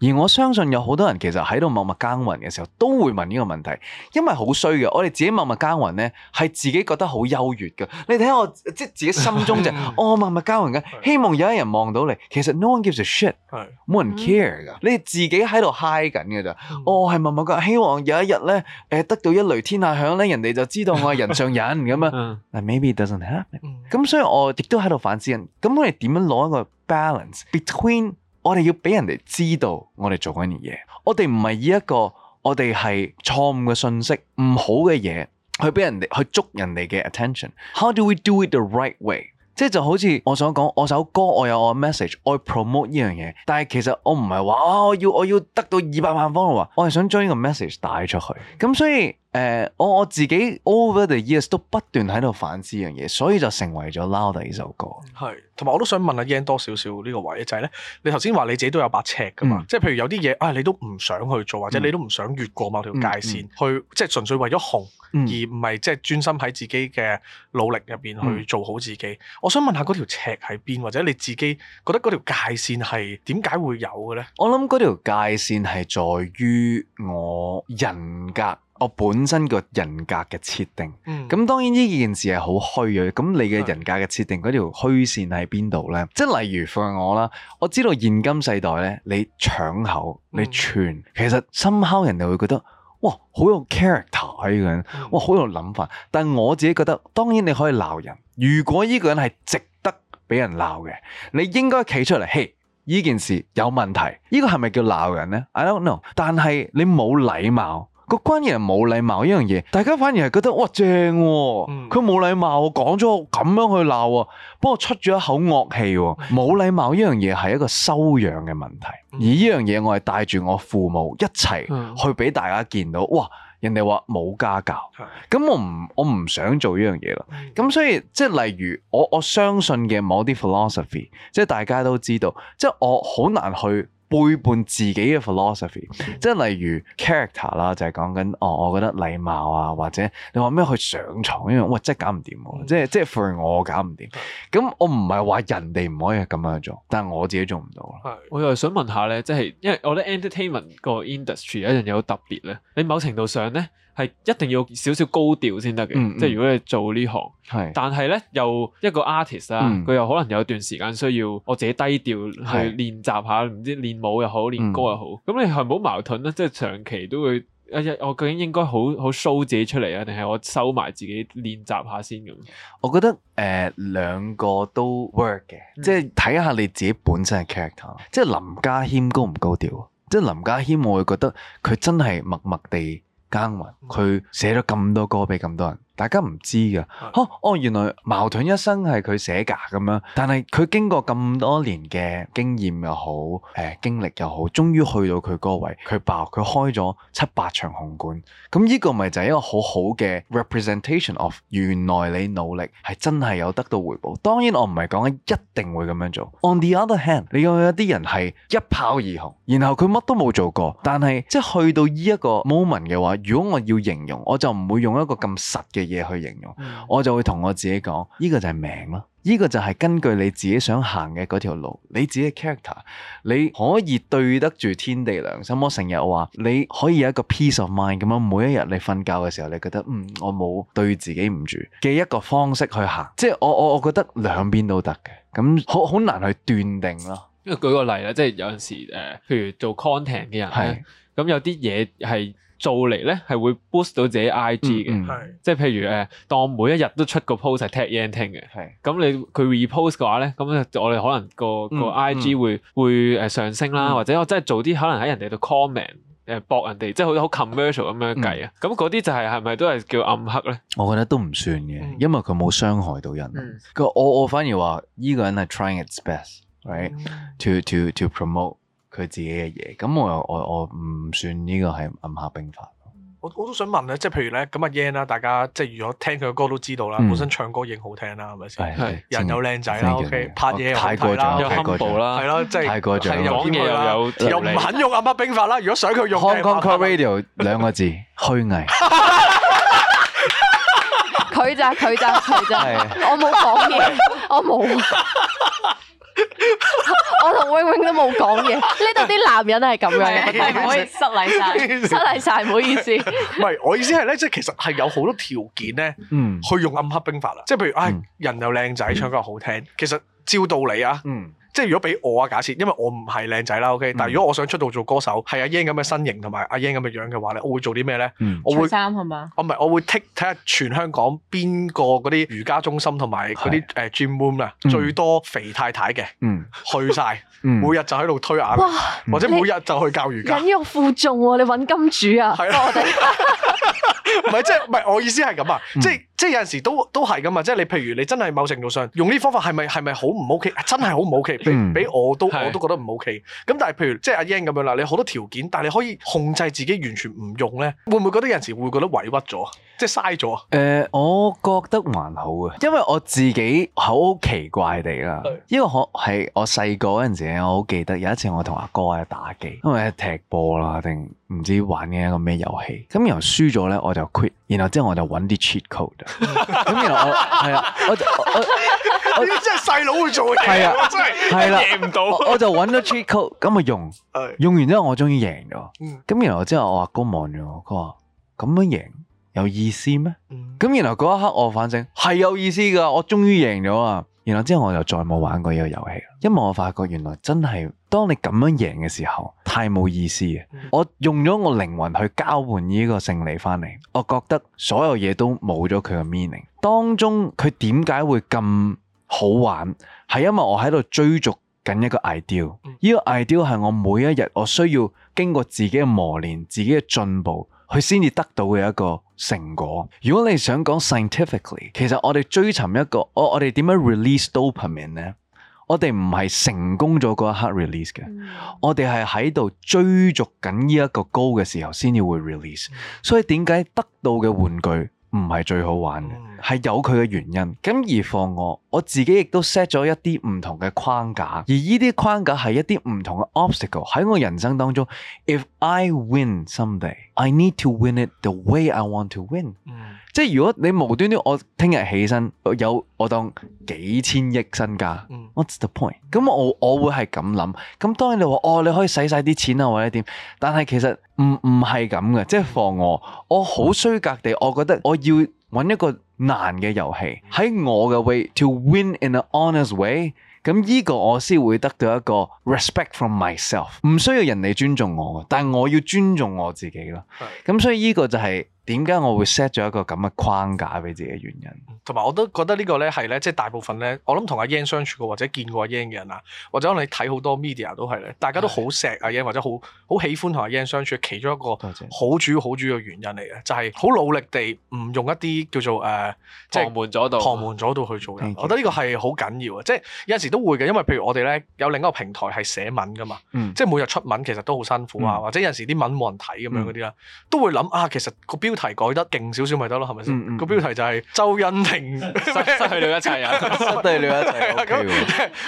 S3: 而我相信有好多人其實喺度默默耕耘嘅時候，都會問呢個問題，因為好衰嘅，我哋自己默默耕耘呢，係自己覺得好優越㗎。你睇下我即係自己心。 (laughs) 中就我默默耕耘噶，希望有一人望到你。其實 no one gives a shit，冇 (music) 人 care 噶。嗯、你哋自己喺度 high 緊嘅咋？我係默默嘅，希望有一日咧，誒得到一雷天下響咧，人哋就知道我係人上人咁啊。嗱 (laughs) ，maybe it doesn't happen、嗯。咁所以我亦都喺度反思緊。咁我哋點樣攞一個 balance between？我哋要俾人哋知道我哋做緊嘅嘢。我哋唔係以一個我哋係錯誤嘅信息、唔好嘅嘢去俾人哋去捉人哋嘅 attention。How do we do it the right way？即係就好似我想講，我首歌我有我嘅 message，我 promote 呢樣嘢，但係其實我唔係話我要我要得到二百萬方 o l 我係想將呢個 message 帶出去，咁所以。誒，我、呃、我自己 over the years 都不斷喺度反思樣嘢，所以就成為咗《LOUDER》呢首歌。
S2: 係，同埋我都想問阿 Yan 多少少呢個位就係、是、咧，你頭先話你自己都有把尺噶嘛？嗯、即係譬如有啲嘢啊，你都唔想去做，或者你都唔想越過某條界線、嗯嗯、去，即係純粹為咗紅，嗯、而唔係即係專心喺自己嘅努力入邊去做好自己。嗯、我想問下嗰條尺喺邊，或者你自己覺得嗰條界線係點解會有嘅咧？我諗嗰條界
S3: 線係在於我人格。我本身個人格嘅設定，咁、嗯、當然呢件事係好虛嘅。咁你嘅人格嘅設定嗰的條虛線喺邊度呢？即係例如，如，放我啦，我知道現今世代呢，你搶口、你串，嗯、其實深敲人哋會覺得哇，好有 character 喺呢個人，哇，好有諗法。但係我自己覺得，當然你可以鬧人。如果呢個人係值得俾人鬧嘅，你應該企出嚟，嘿，呢件事有問題，呢、呢個係咪叫鬧人呢 I don't know。但係你冇禮貌。個關鍵係冇禮貌呢樣嘢，大家反而係覺得哇正啊，，佢冇禮貌，講咗咁樣去鬧啊，幫我出咗一口惡氣。冇禮貌呢樣嘢係一個修養嘅問題，而呢樣嘢我係帶住我父母一齊去俾大家見到，哇！人哋話冇家教，咁我唔我唔想做呢樣嘢啦。咁所以即係例如我我相信嘅某啲 philosophy，即係大家都知道，即係我好難去。背叛自己嘅 philosophy，即係例如 character 啦，就係講緊哦，我覺得禮貌啊，或者你話咩去上床因為喂真係搞唔掂、嗯、即係即係 for 我，我搞唔掂。咁我唔係話人哋唔可以咁樣做，但係我自己做唔到
S4: 啦。係，我又想問下咧，即係因為我覺得 entertainment 個 industry 一樣有特別咧，你某程度上咧。係一定要少少高調先得嘅，嗯嗯、即係如果你做呢行，是但係咧又一個 artist 啊，佢、嗯、又可能有段時間需要我自己低調去練習下，唔是知練舞又好，練歌又好，咁、嗯嗯、你係唔好矛盾咯。即係長期都會，一日我究竟應該好好 show 自己出嚟啊，定係我收埋自己練習下先咁？
S3: 我覺得誒、呃、兩個都 work 嘅，即係睇下你自己本身嘅 character。即係林家謙高唔高調？即、就、係、是、林家謙，我會覺得佢真係默默地。佢寫咗咁多歌畀咁多人。大家唔知噶、哦，哦，原來矛盾一生係佢寫㗎咁樣，但係佢經過咁多年嘅經驗又好，誒、呃、經歷又好，終於去到佢嗰位，佢爆，佢開咗七八場紅館，咁呢個咪就係一個好好嘅 representation of 原來你努力係真係有得到回報。當然我唔係講緊一定會咁樣做。On the other hand，你有啲人係一炮而紅，然後佢乜都冇做過，但係即係去到呢一個 moment 嘅話，如果我要形容，我就唔會用一個咁實嘅嘢去形容，嗯、我就會同我自己講：呢、這個就係命咯、啊，呢、這個就係根據你自己想行嘅嗰條路，你自己嘅 character，你可以對得住天地良心。我成日話你可以有一個 peace of mind 咁樣，每一日你瞓覺嘅時候，你覺得嗯，我冇對自己唔住嘅一個方式去行。即係我我我覺得兩邊都得嘅，咁好好難去斷定咯。因
S4: 為舉個例咧，即係有陣時誒，譬如做 content 嘅人咧，咁是有啲嘢係。做嚟咧係會 boost 到自己 IG 嘅，嗯、即係譬如誒，當每一日都出個 post 係 tag Yan Ting 嘅，咁是你佢 repost 嘅話咧，咁我哋可能個、嗯、個 IG 會會誒上升啦，嗯、或者我真係做啲可能喺人哋度 comment 誒博、嗯、人哋，即係好似好 commercial 咁樣計啊，咁嗰啲就係係咪都係叫暗黑咧？
S3: 我覺得都唔算嘅，嗯、因為佢冇傷害到人。個、嗯嗯、我我反而話呢個人係 trying its best right to to, to promote。佢自己嘅嘢，咁我我我唔算呢個係暗黑兵法。
S2: 我我都想問咧，即係譬如咧，咁阿 Yan 啦，大家即係如果聽佢嘅歌都知道啦，本身唱歌已經好聽啦，係咪先？係。人又靚仔啦，OK。拍嘢又睇啦，又啦，係咯，即
S3: 係。太過獎，又講嘢又唔肯用暗黑兵法啦。如果想佢用，Hong Kong Radio 兩個字虛偽。
S1: 佢就佢就佢就，我冇講嘢，我冇。 (laughs) 我同 Wing Wing 都冇講嘢，呢度啲男人係咁樣，唔係可以失禮晒，失禮晒，唔好意思。
S2: 唔係， (laughs) 我意思係咧，即係其實係有好多條件咧，嗯，去用暗黑兵法啦，即係譬如，唉、哎，嗯、人又靚仔，唱歌好聽，其實照道理啊，嗯。即係如果俾我啊，假設，因為我唔係靚仔啦，OK，但係如果我想出道做歌手，係阿 Yan 咁嘅身型同埋阿 Yan 咁嘅樣嘅話咧，我會做啲咩咧？我會
S1: 衫係嘛？
S2: 我唔係，我會 take 睇下全香港邊個嗰啲瑜伽中心同埋嗰啲誒 gym room 啊、嗯，最多肥太太嘅去晒，每日就喺度推眼，哇或者每日就去教瑜伽，忍
S1: 辱負重喎，啊，你揾金主啊？係啊的。 (laughs)
S2: 唔係即係唔係我意思係咁啊，即係即係有陣時都都係咁啊，即係你譬如你真係某程度上用呢方法係咪係咪好唔 OK，真係好唔 OK，俾俾我都是我都覺得唔 OK。咁但係譬如即係阿 Yan 咁樣啦，你好多條件，但係你可以控制自己完全唔用咧，會唔會覺得有陣時會覺得委屈咗，即係嘥咗
S3: 啊？誒、呃，我覺得還好啊，因為我自己好奇怪地啦，是因為我係我細個嗰陣時，我好記得有一次我同阿哥喺度打機，因為踢波啦定唔知玩緊一個咩遊戲，咁然後輸咗咧我,我。就 quit，然後之後我就揾啲 cheat code，
S2: 咁、 (noise) 嗯、然後我係啊，我我我真係細佬會做嘢，係啊，真係贏唔到，
S3: 我就揾咗 cheat code，咁啊用，用完之後我終於贏咗，咁然後之後我阿哥望住我，佢話咁樣贏有意思咩？咁然後嗰一刻我反正係有意思噶，我終於贏咗啊！然後之後我就再冇玩過呢個遊戲，因為我發覺原來真係當你咁樣贏嘅時候太冇意思，嗯、我用咗我靈魂去交換呢個勝利翻嚟，我覺得所有嘢都冇咗佢嘅 meaning。當中佢點解會咁好玩？係因為我喺度追逐緊一個 ideal。呢，嗯、個 ideal 係我每一日我需要經過自己嘅磨練、自己嘅進步。佢先至得到嘅一個成果。如果你想講 scientifically，其實我哋追尋一個，我我哋點樣 release dopamine 咧？我哋唔係成功咗嗰一刻 release 嘅，嗯、我哋係喺度追逐緊呢一個 goal 嘅時候先至會 release。嗯、所以點解得到嘅玩具唔係最好玩嘅？係有佢嘅原因，咁而放我，我自己亦都 set 咗一啲唔同嘅框架，而呢啲框架係一啲唔同嘅 obstacle 喺我人生當中。If I win someday, I need to win it the way I want to win、嗯。即係如果你無端端我聽日起身，我有我當幾千億身家、嗯、What's the point？咁、嗯、我我會係咁諗，咁當然你話哦，你可以使晒啲錢啊或者點，但係其實唔唔係咁嘅，即係放我，我好衰格地，我覺得我要。揾一個難嘅遊戲，喺我嘅 way to win in an honest way，咁呢個我先會得到一個 respect from myself，唔需要人哋尊重我，但係我要尊重我自己咯。咁所以呢個就係、是。點解我會 set 咗一個咁嘅框架俾自己嘅原因？
S2: 同埋我都覺得呢個咧係咧，即係大部分咧，我諗同阿 Yan 相處過或者見過阿 Yan 嘅人啊，或者你睇好多 media 都係咧，大家都好錫阿 Yan 或者好好喜歡同阿 Yan 相處，其中一個好主要好主要嘅原因嚟嘅，就係好努力地唔用一啲叫做誒，即係旁門左道，旁門左道去做嘅。嗯、我覺得呢個係好緊要啊！即係有陣時都會嘅，因為譬如我哋咧有另一個平台係寫文噶嘛，嗯、即係每日出文其實都好辛苦啊，嗯、或者有陣時啲文冇人睇咁樣嗰啲啦，嗯、都會諗啊，其實個標標題改得勁少少咪得咯，係咪先？個、嗯、標題就係周殷廷 (laughs) 失去
S4: 了一切人、啊，失去了一切。OK，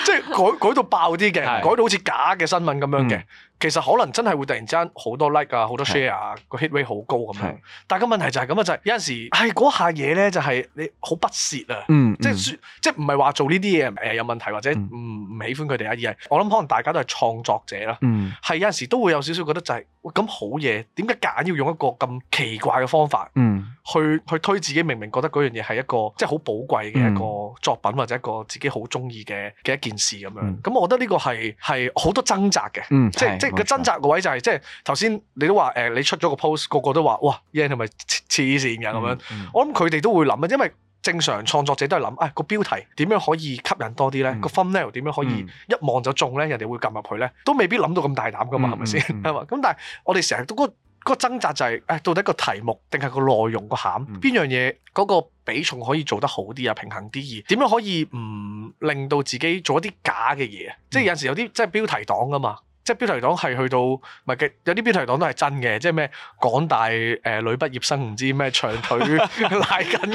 S2: 即係改改到爆啲嘅，改到 (laughs) 好似假嘅新聞咁樣嘅。嗯其實可能真係會突然之間好多 like 啊，好多 share 啊，個 hit rate 好高咁樣。但個問題就係咁啊，就係有陣時係嗰下嘢咧，就係你好不屑啊，即係即係唔係話做呢啲嘢誒有問題或者唔唔喜歡佢哋啊，而係我諗可能大家都係創作者啦，係有陣時都會有少少覺得就係咁好嘢，點解夾硬要用一個咁奇怪嘅方法去去推自己？明明覺得嗰樣嘢係一個即係好寶貴嘅一個作品或者一個自己好中意嘅嘅一件事咁樣。咁我覺得呢個係係好多掙扎嘅，即係。個掙扎個位就係、是，即係頭先你都話誒、呃，你出咗個 post，個個都話哇，Yan 係咪黐線㗎咁樣。嗯嗯、我諗佢哋都會諗啊，因為正常創作者都係諗啊個標題點樣可以吸引多啲咧，嗯、個 thumbnail 點樣可以、嗯、一望就中咧，人哋會撳入去咧，都未必諗到咁大膽噶嘛，係咪先？咁但係我哋成日都嗰、那個那個掙扎就係、是、誒、哎，到底個題目定係個內容個餡，邊、嗯、樣嘢嗰、那個比重可以做得好啲啊，平衡啲而點樣可以唔令到自己做一啲假嘅嘢？即係有時有啲即係標題黨㗎嘛。即係標題黨係去到唔係嘅，有啲標題黨都係真嘅，即係咩廣大誒、呃、女畢業生唔知咩長腿拉緊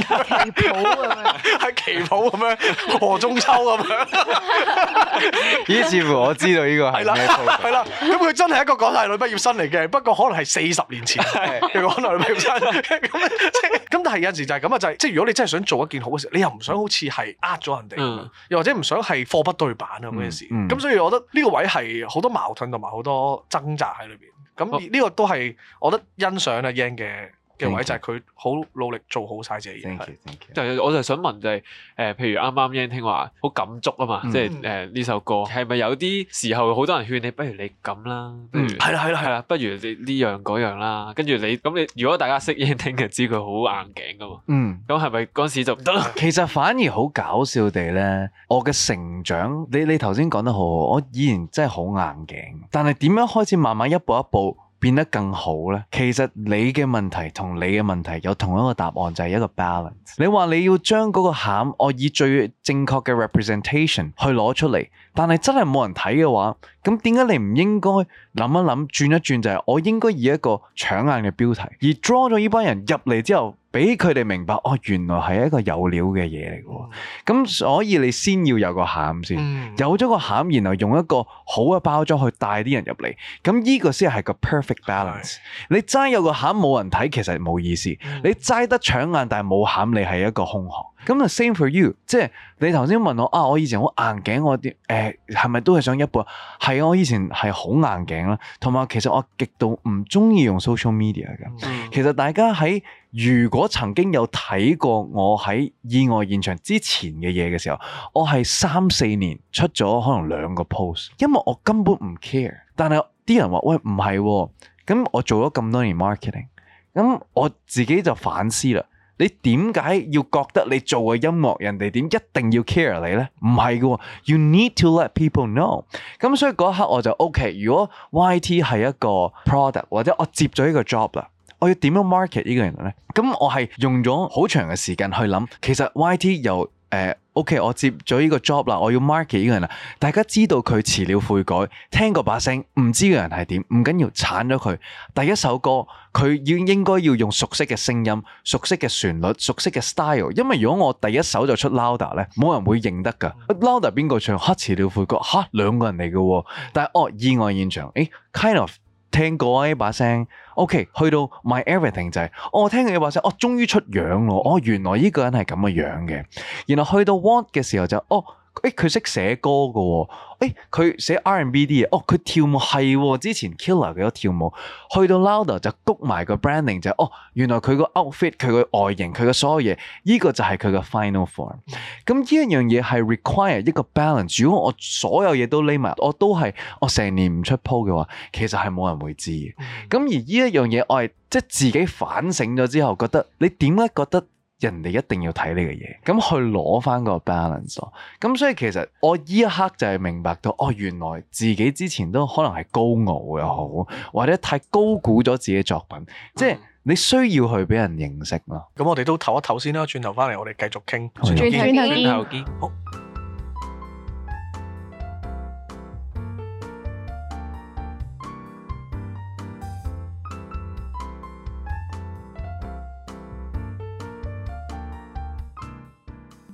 S2: 旗袍咁樣，喺旗袍咁樣過中秋咁、啊、樣。
S3: 咦， (laughs) 是乎我知道呢個係咩？係
S2: 啦，咁佢真係一個廣大女畢業生嚟嘅，不過可能係四十年前嘅廣大女畢業生。咁即咁，但係有時就係咁啊，就係即係如果你真係想做一件好嘅事，你又唔想好似係呃咗人哋，又、嗯、或者唔想係貨不對版咁嘅事。時。咁所以，我覺得呢個位係好多矛盾。同埋好多掙扎喺裏邊，咁呢個都係我覺得欣賞阿英嘅。就係佢好努力做好晒自
S4: 己，但係我就想問就係、是、誒、呃，譬如啱啱 Yan Ting 話好感觸啊嘛，嗯、即係誒呢首歌係咪、嗯、有啲時候好多人勸你不如你咁啦，係啦係啦係啦，不如你呢樣嗰、啊啊、樣啦，跟住、啊、你咁你如果大家識 Yan Ting 就知佢好硬頸噶嘛，嗯，嗯是是，咁係咪嗰時就唔得啦？其
S3: 實反而好搞笑地咧，我嘅成長，你你頭先講得好我以前真係好硬頸，但係點樣開始慢慢步一步一步？變得更好咧，其實你嘅問題同你嘅問題有同一個答案，就係、是、一個 balance。你話你要將嗰個餡，我以最正確嘅 representation 去攞出嚟，但係真係冇人睇嘅話，咁點解你唔應該諗一諗轉一轉？就係我應該以一個搶眼嘅標題而 draw 咗呢班人入嚟之後。俾佢哋明白，哦，原來係一個有料嘅嘢嚟嘅喎，咁、mm hmm. 所以你先要有個餡先，mm hmm. 有咗個餡，然後用一個好嘅包裝去帶啲人入嚟，咁呢個先係個 perfect balance。Mm hmm. 你齋有個餡冇人睇，其實冇意思；mm hmm. 你齋得搶眼但係冇餡，你係一個空殼。咁啊，same for you，即係你頭先問我啊，我以前好硬頸，我啲誒係咪都係想一半？係啊，我以前係好硬頸啦，同埋其實我極度唔中意用 social media 嘅。嗯、其實大家喺如果曾經有睇過我喺意外現場之前嘅嘢嘅時候，我係三四年出咗可能兩個 post，因為我根本唔 care。但係啲人話喂唔係，咁、哦、我做咗咁多年 marketing，咁我自己就反思啦。你點解要覺得你做嘅音樂人哋點一定要 care 你咧？唔係嘅喎，you need to let people know。咁所以嗰一刻我就 OK。如果 YT 係一個 product，或者我接咗呢個 job 啦，我要點樣 market 呢個人咧？咁我係用咗好長嘅時間去諗。其實 YT 由 Uh, o、okay, k 我接咗呢個 job 啦，我要 market 呢個人啦。大家知道佢遲了悔改，聽過把聲，唔知個人係點，唔緊要，鏟咗佢。第一首歌，佢要應該要用熟悉嘅聲音、熟悉嘅旋律、熟悉嘅 style，因為如果我第一首就出 Louder 呢，冇人會認得㗎。Louder 邊個唱？嚇、啊，遲了悔改吓、啊，兩個人嚟㗎喎，但係哦意外現場，誒、哎、kind of。聽過啊！呢把聲，OK，去到 my everything 就係、是，我、哦、聽佢把聲，我、哦、終於出樣咯，我、哦、原來呢個人係咁嘅樣嘅，然後去到 what 嘅時候就，哦。誒佢識寫歌嘅喎、哦，佢、哎、寫 R&B 啲嘢，哦佢跳舞係喎、哦，之前 Killer 佢都跳舞，去到 Louder 就谷埋個 branding 就係，哦原來佢個 outfit 佢個外形佢嘅所有嘢，呢、呢個就係佢嘅 final form。咁呢一樣嘢係 require 一個 balance，如果我所有嘢都匿埋，我都係我成年唔出 post 嘅話，其實係冇人會知咁、嗯、而呢一樣嘢我係即係自己反省咗之後覺得，你點解覺得？人哋一定要睇呢個嘢，咁去攞翻個 balance。咁所以其實我依一刻就係明白到，哦，原來自己之前都可能係高傲又好，或者太高估咗自己作品。嗯、即係你需要去俾人認識咯。
S2: 咁、嗯、 (noise) 我哋都唞一唞先啦，轉頭翻嚟我哋繼續傾。轉頭的見。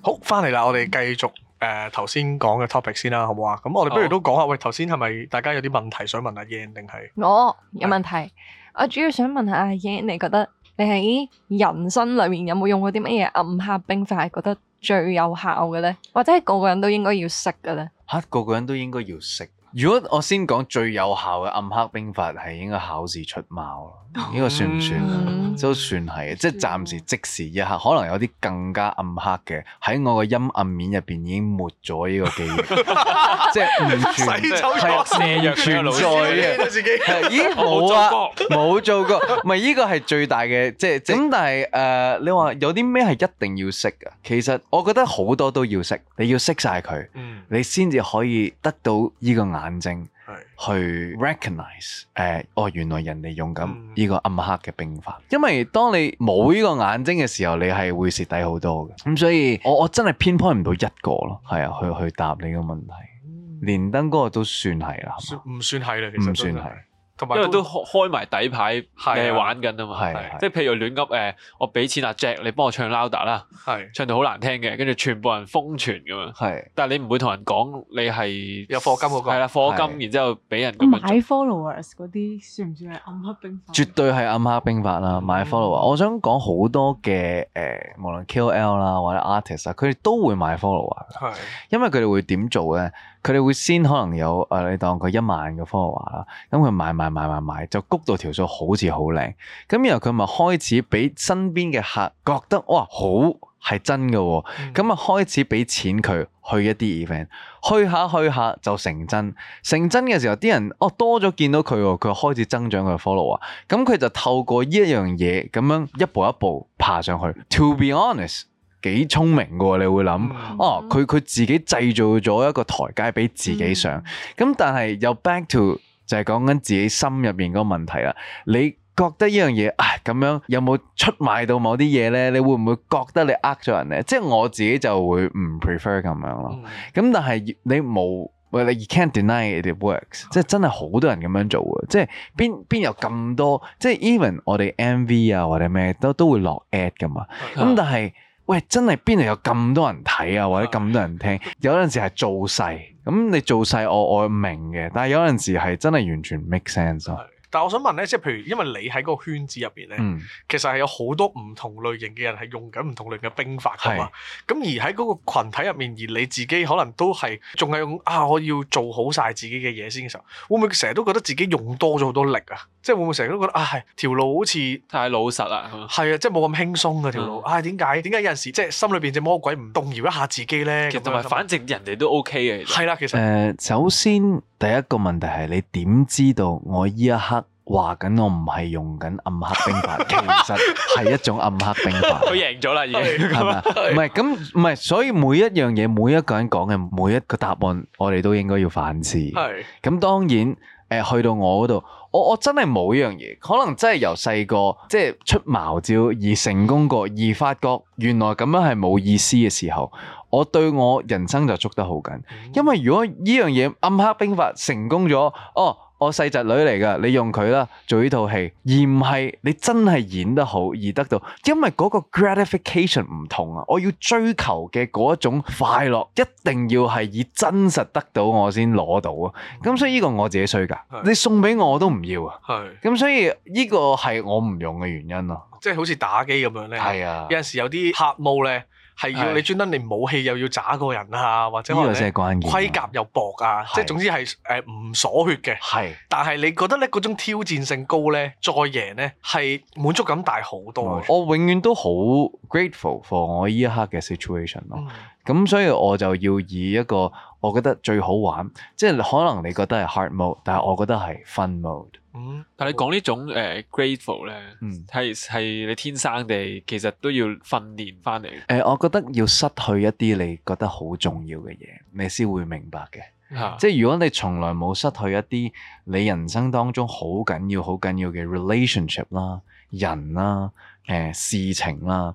S2: 好，翻嚟啦，我哋繼續誒頭先講嘅 topic 先啦，好唔好啊？咁我哋不如都講下，喂，頭先係咪大家有啲問題想問阿 Yan？定係
S1: 我有問題，我主要想問下阿 Yan，你覺得你喺人生裏面有冇用過啲乜嘢暗黑兵法？覺得最有效嘅咧，或者係個個人都應該要識嘅咧？
S3: 吓，個個人都應該要識。如果我先講最有效嘅暗黑兵法係應該考試出貓咯，呢 (music) 個算唔算？都 (music) 算係，即係暫時即時一刻，可能有啲更加暗黑嘅喺我個陰暗面入邊已經抹咗呢個記憶，即係完全。射鵰存在嘅，咦？冇啊，冇做過，唔係 (laughs) 呢個係最大嘅，即係咁。但係誒，uh, 你話有啲咩係一定要識呀？其實我覺得好多都要識，你要識晒佢，你先至可以得到呢個眼睛去 recognize 誒、呃，哦，原來人哋用緊呢個暗黑嘅兵法，嗯、因為當你冇呢個眼睛嘅時候，嗯、你係會蝕底好多嘅。咁、嗯、所以我，我我真係 pinpoint 唔到一個咯，係啊，去去答你個問題。嗯、連登嗰個都算係啦，
S2: 係咪？唔算係啦，唔吧算係。因為都開
S4: 埋底牌係玩緊啊嘛，即係譬如亂噏，誒，我俾錢阿 Jack 你幫我唱 Louder 啦，唱到好難聽嘅，跟住全部人瘋傳咁樣，但係你唔會同人講你係有課金嗰個，係啦，課金，然之後俾人咁買
S1: followers 嗰啲，算唔算係暗
S4: 黑兵
S3: 法？絕對係暗黑兵法啦，買 follower。我想講好多嘅誒，無論 KOL 啦或者 artist 啊，佢哋都會買 follower，因為佢哋會點做咧？佢哋會先可能有，誒、啊、你當佢一萬個 follower 啦，咁佢買買買買買，就谷到條數好似好靚。咁然後佢咪開始俾身邊嘅客覺得，哇、哦、好係真嘅喎、哦，咁啊、嗯、開始俾錢佢去一啲 event，去下去下就成真。成真嘅時候，啲人哦多咗見到佢喎，佢開始增長佢 follower，咁佢就透過呢一樣嘢咁樣一步一步爬上去。 (music) To be honest。幾聰明嘅，你會諗、mm hmm. 哦，佢佢自己製造咗一個台階俾自己上，咁、mm hmm. 但係有 back to 就係講緊自己心入邊嗰個問題啦。你覺得呢樣嘢唉，咁樣有冇出賣到某啲嘢呢？你會唔會覺得你呃咗人呢？即、就、係、是、我自己就會唔 prefer 咁樣咯。咁、mm hmm. 但係你冇，喂，你 can't deny it, it works，Okay. 即係真係好多人咁樣做嘅。即係邊邊有咁多，即係 even 我哋 MV 啊或者咩都都,都會落 ad 噶嘛。咁 Okay. 但係。喂，真係邊度有咁多人睇啊？或者咁多人聽？ (music) 有陣時係做勢，咁你做勢我我明嘅，但係有陣時係真係完全唔 make sense。 (music)
S2: 但我想問咧，即係譬如，因為你喺個圈子入面咧，其實係有好多唔同類型嘅人係用緊唔同類嘅兵法噶嘛。咁而喺嗰個羣體入面，而你自己可能都係仲係用啊，我要做好晒自己嘅嘢先嘅時候，會唔會成日都覺得自己用多咗好多力啊？即係會唔會成日都覺得啊，係條路好似太老實啦，係啊，即係冇咁輕鬆嘅條路。啊，點解點解有陣時即係心裏邊隻魔鬼唔動搖一下自己咧？其實，反正人哋都 OK 嘅。係啦，其實誒，
S3: 首先。第一個問題係，你點知道我依一刻話緊我唔係用緊暗黑兵法， (laughs) 其實係一種暗黑兵法。
S4: 我贏咗啦，已經係咪？
S3: 唔係咁，唔係是是所以每一樣嘢，每一個人講嘅每一個答案，我哋都應該要反思。係咁是，當然誒、呃，去到我嗰度，我我真係冇一樣嘢，可能真係由細個即係出茅招而成功過，而發覺原來咁樣係冇意思嘅時候。我對我人生就捉得好緊，因為如果呢樣嘢《暗黑兵法》成功咗，哦，我細侄女嚟㗎，你用佢啦，做呢套戲，而唔係你真係演得好而得到，因為嗰個 gratification 唔同啊，我要追求嘅嗰一種快樂，一定要係以真實得到我先攞到啊。咁、嗯、所以呢個我自己衰㗎，的你送俾我，我都唔要啊。係的。咁所以呢個係我唔用嘅原
S2: 因咯。即係好似打機咁樣咧。係啊的，有陣時有啲拍務咧。係要你專登，你武器又要渣過人啊，或者呢個先係關鍵，盔甲又薄啊，即係總之係誒唔鎖血嘅。係是，但係你覺得咧嗰種挑戰性高咧，再贏咧係滿足感大好多。
S3: 錯我永遠都好 grateful for 我呢一刻嘅 situation 咯。咁、嗯、所以我就要以一個我覺得最好玩，即係可能你覺得係 hard mode，但係我覺得係 fun mode。
S4: 嗯，但你講呢種誒、uh, grateful 咧、嗯，係係你天生地，其實都要訓練翻嚟。誒、
S3: 呃，我覺得要失去一啲你覺得好重要嘅嘢，你先會明白嘅。
S4: 嗯、即
S3: 係如果你從來冇失去一啲你人生當中好緊要、好緊要嘅 relationship 啦、人啦、誒事情啦、啊。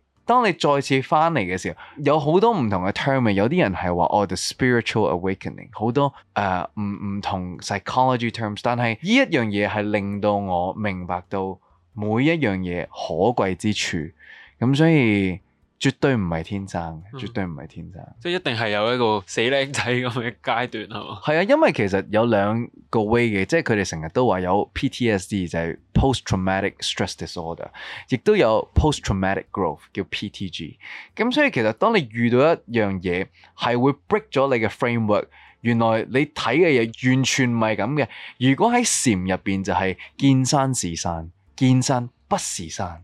S3: 當你再次翻嚟嘅時候，有好多唔同嘅 term，有啲人係話哦，the spiritual awakening，好多誒唔唔同 psychology terms，但係呢一樣嘢係令到我明白到每一樣嘢可貴之處，咁所以。絕對唔係天生嘅，絕對唔係天生。
S4: 即係一定係有一個死靚仔咁嘅階段，係嘛？
S3: 係 (noise) 啊，因為其實有兩個 way 嘅，即係佢哋成日都話有 PTSD，就係 post traumatic stress disorder，亦都有 post traumatic growth 叫 PTG。咁所以其實當你遇到一樣嘢，係會 break 咗你嘅 framework。原來你睇嘅嘢完全唔係咁嘅。如果喺禪入邊就係見山是山，見山不是山。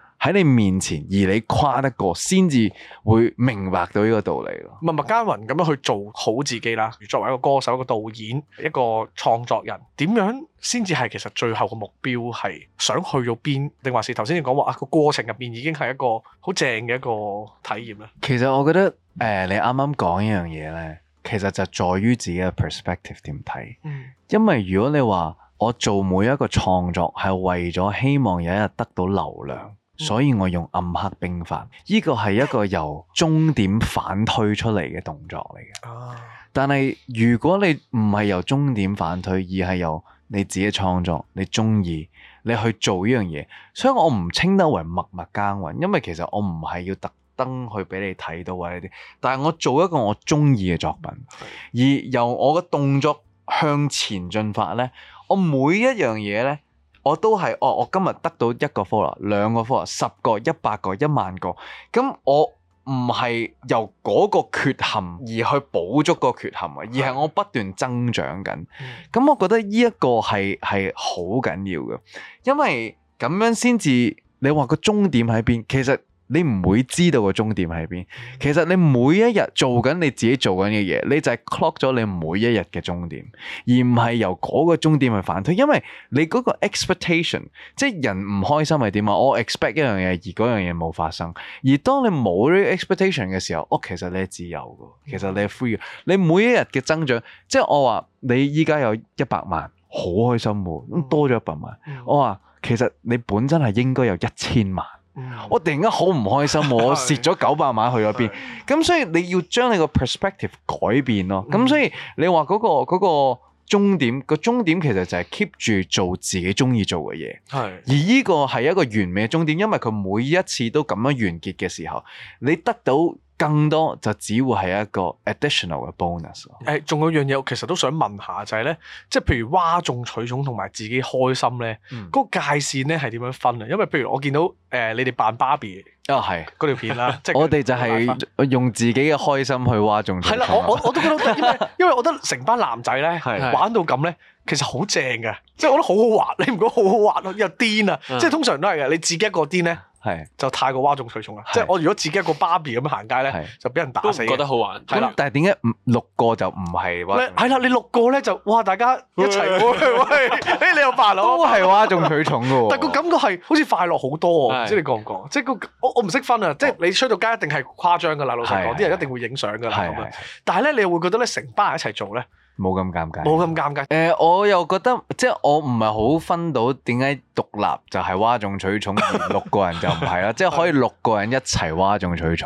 S3: 喺你面前，而你跨得過，先至會明白到呢個道理咯。
S2: 默默耕耘咁樣去做好自己啦。作為一個歌手、一個導演、一個創作人，點樣先至係其實最後嘅目標係想去到邊，定還是頭先你講話啊個過程入邊已經係一個好正嘅一個體驗咧？
S3: 其實我覺得誒、呃，你啱啱講呢樣嘢咧，其實就在於自己嘅 perspective 點睇。嗯，因為如果你話我做每一個創作係為咗希望有一日得到流量。嗯所以我用暗黑兵法，呢個係一個由終點反推出嚟嘅動作嚟
S2: 嘅。
S3: 但係如果你唔係由終點反推，而係由你自己創作，你中意你去做呢樣嘢，所以我唔稱得為默默耕耘，因為其實我唔係要特登去俾你睇到啊，呢啲。但係我做一個我中意嘅作品，而由我嘅動作向前進發呢，我每一樣嘢呢。我都係，哦，我今日得到一個 follower，兩個 follower，十個、一百個、一萬個，咁我唔係由嗰個缺陷而去補足個缺陷啊，而係我不斷增長緊。咁我覺得呢一個係係好緊要嘅，因為咁樣先至你話個終點喺邊，其實。你唔會知道個終點喺邊。其實你每一日做緊你自己做緊嘅嘢，嗯、你就係 clock 咗你每一日嘅終點，而唔係由嗰個終點去反推。因為你嗰個 expectation，即係人唔開心係點啊？我 expect 一樣嘢，而嗰樣嘢冇發生。而當你冇 expectation 嘅時候，哦，其實你係自由嘅，其實你係 free 嘅。你每一日嘅增長，即係我話你依家有一百萬，好開心喎，多咗一百萬。嗯、我話其實你本身係應該有一千萬。 (music) 我突然間好唔開心，我蝕咗九百萬，去咗邊？咁 (laughs) 是所以你要將你個 perspective 改變咯。咁 (music) 所以你話嗰個嗰個終點、個終點其實就係 keep 住做自己中意做嘅嘢。係 (music) 而呢個係一個完美嘅終點，因為佢每一次都咁樣完結嘅時候，你得到。更多就只會係一個 additional 嘅 bonus。
S2: 誒、嗯，仲有樣嘢，我其實都想問下，就係、是、咧，即係譬如嘩眾取寵同埋自己開心咧，嗰、嗯、個界線咧係點樣分啊？因為譬如我見到誒、呃、你哋扮芭比啊，係嗰條片啦，哦、即係是 (laughs) 我
S3: 哋就係用自己嘅開心去嘩
S2: 眾取寵。係啦， (laughs) 我我我都覺得，因為，因為我覺得成班男仔咧 (laughs) 玩到咁咧，其實好正嘅，即係我覺得好好玩，你唔覺得好好玩？啊？又癲啊、嗯！即係通常都係嘅，你自己一個癲咧。係就太過嘩眾取寵啦，即係我如果自己一個芭比咁樣行街咧，就俾人打死嘅。都覺得好玩，咁但
S3: 係點解五六個就唔係喎？
S2: 係啦，你六個咧就哇，大家一齊，喂喂，你又扮佬，都係嘩眾取寵喎。但個感覺係好似快樂好多啊，即你覺唔覺？即係個我我唔識分啊，即係你出到街一定係誇張噶啦，老實講，啲人一定會影相噶啦，咁但係咧，你又會覺得咧，成班人一齊做咧。
S3: 冇咁尷尬，冇
S2: 咁尷尬。誒，我又覺
S3: 得即係我唔係好分到點解獨立就係嘩眾取寵，六個人就唔係啦。即係可以六個人一齊嘩眾取寵。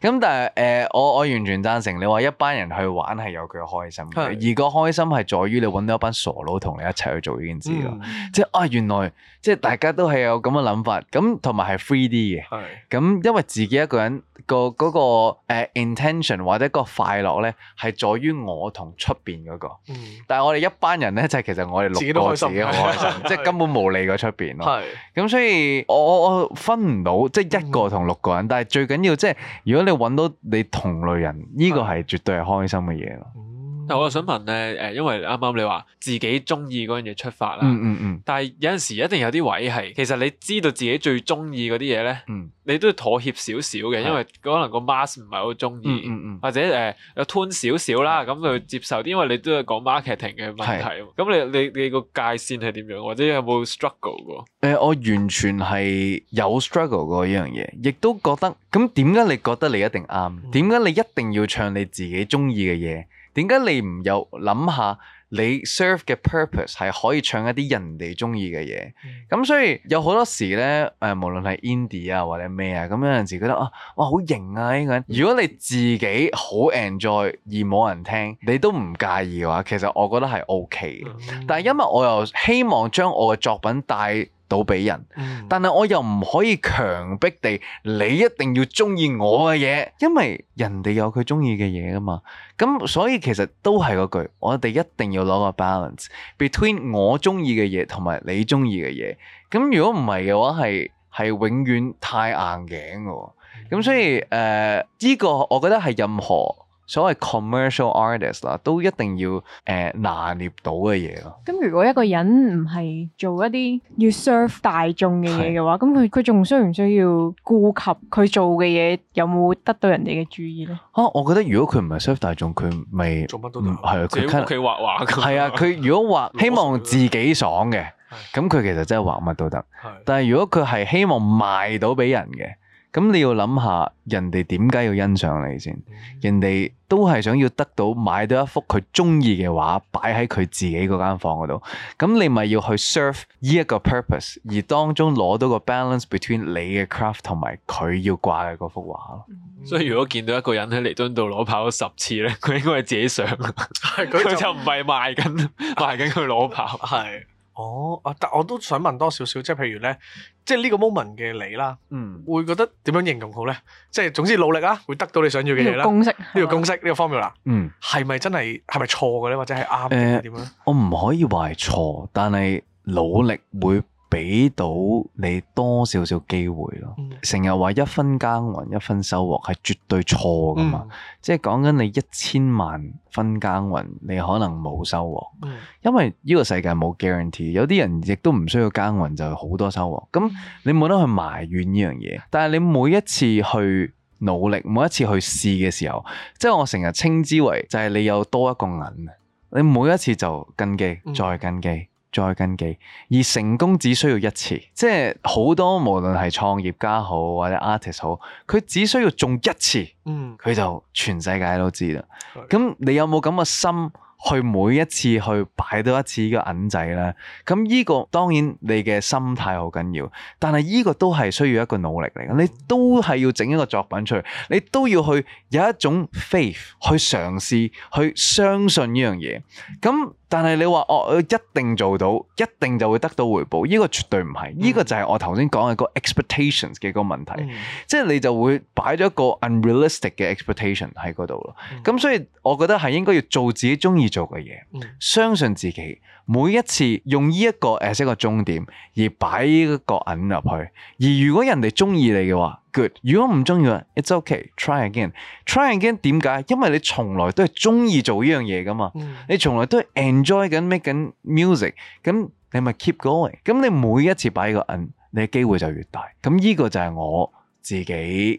S3: 咁但係誒，我我完全贊成你話一班人去玩係有佢嘅開心嘅，而個開心係在於你揾到一班傻佬同你一齊去做呢件事咯。即係啊，原來即係大家都係有咁嘅諗法，咁同埋係 free 啲嘅。係。咁因為自己一個人個嗰個 intention 或者個快樂咧，係在於我同出，邊嗰個？嗯，但係我哋一班人咧，就其實我哋六個自己開心，即係根本冇理過出邊咯。係 (laughs) 是，咁所以我我分唔到，即、就、係、是、一個同六個人。嗯、但係最緊要即係，如果你揾到你同類人，呢、嗯、個係絕對係開心嘅嘢咯。嗯
S4: 但我又想問咧，誒，因為啱啱你話自己中意嗰樣嘢出發啦，嗯嗯、嗯但係有陣時一定有啲位係，其實你知道自己最中意嗰啲嘢咧，嗯，你都要妥協少少嘅，嗯、因為可能個 mask 唔係好中意，嗯嗯、嗯或者誒，有 turn 少少啦，咁去、嗯、接受啲，因為你都係講 marketing 嘅問題，咁、嗯嗯、你你你個界線係點樣，或者有冇 struggle 過？
S3: 誒，我完全係有 struggle 過呢樣嘢，亦都覺得，咁點解你覺得你一定啱？點解、嗯、你一定要唱你自己中意嘅嘢？點解你唔有諗下你 serve 嘅 purpose 係可以唱一啲人哋中意嘅嘢？咁、mm hmm. 所以有好多時咧，誒無論係 indie 啊或者咩啊，咁有陣時覺得啊，哇好型啊呢個人！如果你自己好 enjoy 而冇人聽，你都唔介意嘅話，其實我覺得係 OK 嘅。Mm hmm. 但係因為我又希望將我嘅作品帶。到俾人，但係我又唔可以強迫地你一定要中意我嘅嘢，因為人哋有佢中意嘅嘢噶嘛。咁所以其實都係嗰句，我哋一定要攞個 balance between 我中意嘅嘢同埋你中意嘅嘢。咁如果唔係嘅話，係係永遠太硬頸嘅。咁所以誒，呢、呃呢個我覺得係任何。所謂 commercial artist 啦，都一定要誒、呃、拿捏到嘅嘢咯。
S4: 咁
S1: 如果一個人唔係做一啲要 serve 大眾嘅嘢嘅話，咁佢佢仲需唔需要顧及佢做嘅嘢有冇得到人哋嘅注意咧？
S3: 嚇、啊，我覺得如果佢唔係 serve 大眾，佢咪做乜都得。係啊，佢喺屋企畫畫，係啊，佢如果畫希望自己爽嘅，咁佢 (laughs) 是的 其實真係畫乜都得。的但係如果佢係希望賣到俾人嘅，咁你要諗下，人哋點解要欣賞你先？人哋都係想要得到買到一幅佢中意嘅畫，擺喺佢自己嗰間房嗰度。咁你咪要去 serve 呢一個 purpose，而當中攞到個 balance between 你嘅 craft 同埋佢要掛嘅嗰幅畫咯。嗯、
S4: 所以如果見到一個人喺彌敦道攞跑咗十次咧，佢應該係自己上，佢 (laughs) (laughs) 就唔係賣緊 (laughs) 賣緊佢攞跑
S2: 係。 (laughs) 哦，啊，但我都想問多少少，即係譬如咧，即係呢個 moment 嘅你啦，嗯，會覺得點樣形容好咧？即係總之努力啊，會得到你想要嘅嘢啦。呢個公式，呢個公式，呢個 formula，嗯，係咪真係係咪錯嘅咧？或者係啱嘅點咧？
S3: 我唔可以話係錯，但係努力會俾到你多少少機會咯，成日話一分耕耘一分收穫，係絕對錯㗎嘛，嗯、即係講緊你一千萬分耕耘，你可能冇收穫，嗯、因為呢個世界冇 guarantee，有啲 gu 人亦都唔需要耕耘就好、是、多收穫，咁你冇得去埋怨呢樣嘢，但係你每一次去努力，每一次去試嘅時候，即、就、係、是、我成日稱之為就係你有多一個銀，你每一次就跟機再跟機。嗯再跟記，而成功只需要一次，即係好多無論係創業家好，或者 artist 好，佢只需要中一次，佢、嗯、就全世界都知啦。咁、嗯、你有冇咁嘅心去每一次去擺多一次呢個銀仔呢？咁呢，呢個當然你嘅心態好緊要，但係呢個都係需要一個努力嚟嘅。你都係要整一個作品出嚟，你都要去有一種 faith 去嘗試去相信呢樣嘢。咁但係你話哦，一定做到，一定就會得到回報，呢、呢個絕對唔係，呢、嗯、個就係我頭先講嘅個 expectations 嘅個問題，嗯、即係你就會擺咗一個 unrealistic 嘅 expectation 喺嗰度咯。咁、嗯、所以我覺得係應該要做自己中意做嘅嘢，嗯、相信自己，每一次用呢一個 as 一個終點而擺一個銀入去，而如果人哋中意你嘅話。如果唔中意啊，it's okay，try again，try again 點解？因為你從來都係中意做呢樣嘢噶嘛，嗯、你從來都係 enjoy 緊 make 緊 music，咁你咪 keep going，咁你每一次擺個銀，你嘅機會就越大。咁呢個就係我自己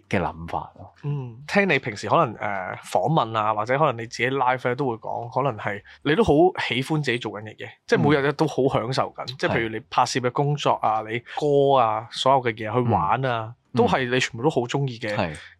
S3: 嘅諗法咯。嗯，
S2: 聽你平時可能誒訪、呃、問啊，或者可能你自己 live 咧、啊、都會講，可能係你都好喜歡自己做緊嘅嘢，嗯、即係每日都好享受緊。嗯、即係譬如你拍攝嘅工作啊，你歌啊，所有嘅嘢去玩啊。嗯都係你全部都好中意嘅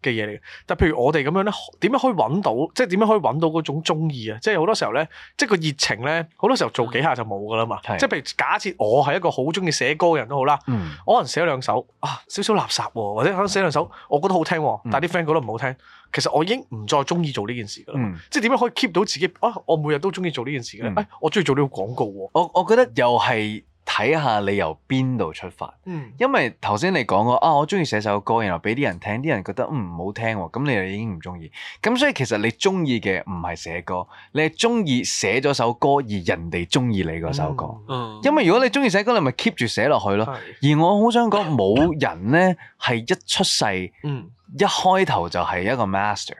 S2: 嘅嘢嚟嘅，是但譬如我哋咁樣咧，點樣可以揾到？即係點樣可以揾到嗰種中意啊？即係好多時候咧，即係個熱情咧，好多時候做幾下就冇㗎啦嘛。是即係譬如假設我係一個好中意寫歌嘅人都好啦，嗯、我可能寫兩首啊，少少垃圾喎、啊，或者可能寫兩首我覺得好聽、啊，但係啲 friend 覺得唔好聽。其實我已經唔再中意做呢件事㗎啦。嗯、即係點樣可以 keep 到自己啊？我每日都中意做呢件事嘅咧、嗯哎。我中意做呢個廣告喎、啊。我我
S3: 覺得又係。睇下你由邊度出發，嗯、因為頭先你講過啊，我中意寫首歌，然後俾啲人聽，啲人覺得唔好、嗯、聽喎，咁你又已經唔中意，咁所以其實你中意嘅唔係寫歌，你係中意寫咗首歌而人哋中意你嗰首歌，首歌嗯嗯、因為如果你中意寫歌，你咪 keep 住寫落去咯。的而我好想講，冇人呢係一出世，嗯、一開頭就係一個 master。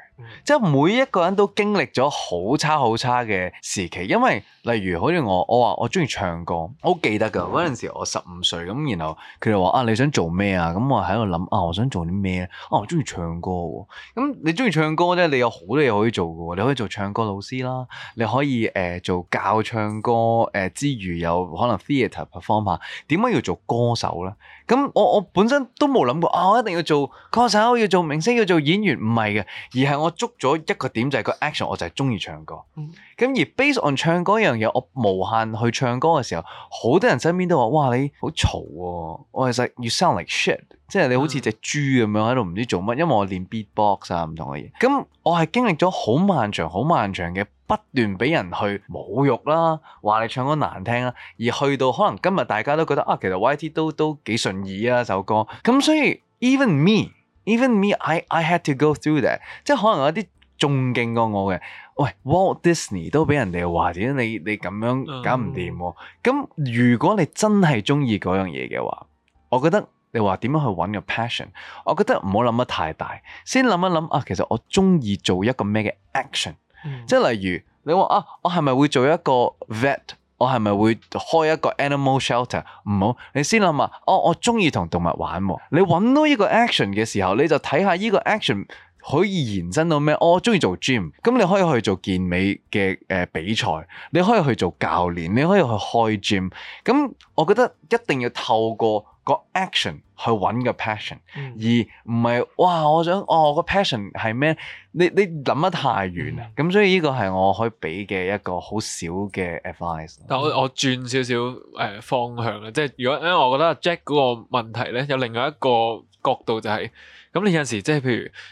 S3: 即係每一個人都經歷咗好差好差嘅時期，因為例如好似我，我話我中意唱歌，我好記得噶。嗰陣時我十五歲咁，然後佢哋話啊，你想做咩啊？咁我喺度諗啊，我想做啲咩咧？啊，我中意唱歌喎。咁你中意唱歌咧，你有好多嘢可以做嘅喎。你可以做唱歌老師啦，你可以誒、呃、做教唱歌誒、呃、之餘，有可能 theatre performance，點解要做歌手咧？咁我，我本身都冇諗過，啊，我一定要做歌手，要做明星，要做演員，唔係嘅，而係我捉咗一個點，就係、是、個 action，我就係中意唱歌。嗯咁而 based on 唱歌一樣嘢，我無限去唱歌嘅時候，好多人身邊都話，哇，你好嘈喎！我其實 you sound like shit，即係你好似隻豬咁樣喺度唔知做乜。因為我練 beat box 啊，唔同嘅嘢。咁我係經歷咗好漫長、好漫長嘅不斷俾人去侮辱啦，話你唱歌難聽啊，而去到可能今日大家都覺得啊，其實 YT 都都幾順意啊首歌。咁所以 even me，even me，I I had to go through that。即係可能有啲仲勁過我嘅。喂，Walt Disney 都俾人哋話，點解你你咁樣搞唔掂？咁、uh, 如果你真係中意嗰樣嘢嘅話，我覺得你話點樣去揾個 passion？我覺得唔好諗得太大，先諗一諗啊。其實我中意做一個咩嘅 action？、Uh, 即係例如你話啊，我係咪會做一個 vet？我係咪會開一個 animal shelter？唔好，你先諗下、啊，我我中意同動物玩。你揾到呢個 action 嘅時候，你就睇下呢個 action，可以延伸到咩？我中意做 gym，咁你可以去做健美嘅誒比賽，你可以去做教練，你可以去開 gym。咁我覺得一定要透過個 action 去揾個 passion，而唔係哇！我想哦，個 passion 係咩？你你諗得太遠啦。咁所以呢個係我可以俾嘅一個好少嘅 advice
S4: 但我我轉少少誒、呃、方向啦，即係如果因為，我覺得 Jack 嗰個問題咧，有另外一個角度就係、是。咁你有陣時即係譬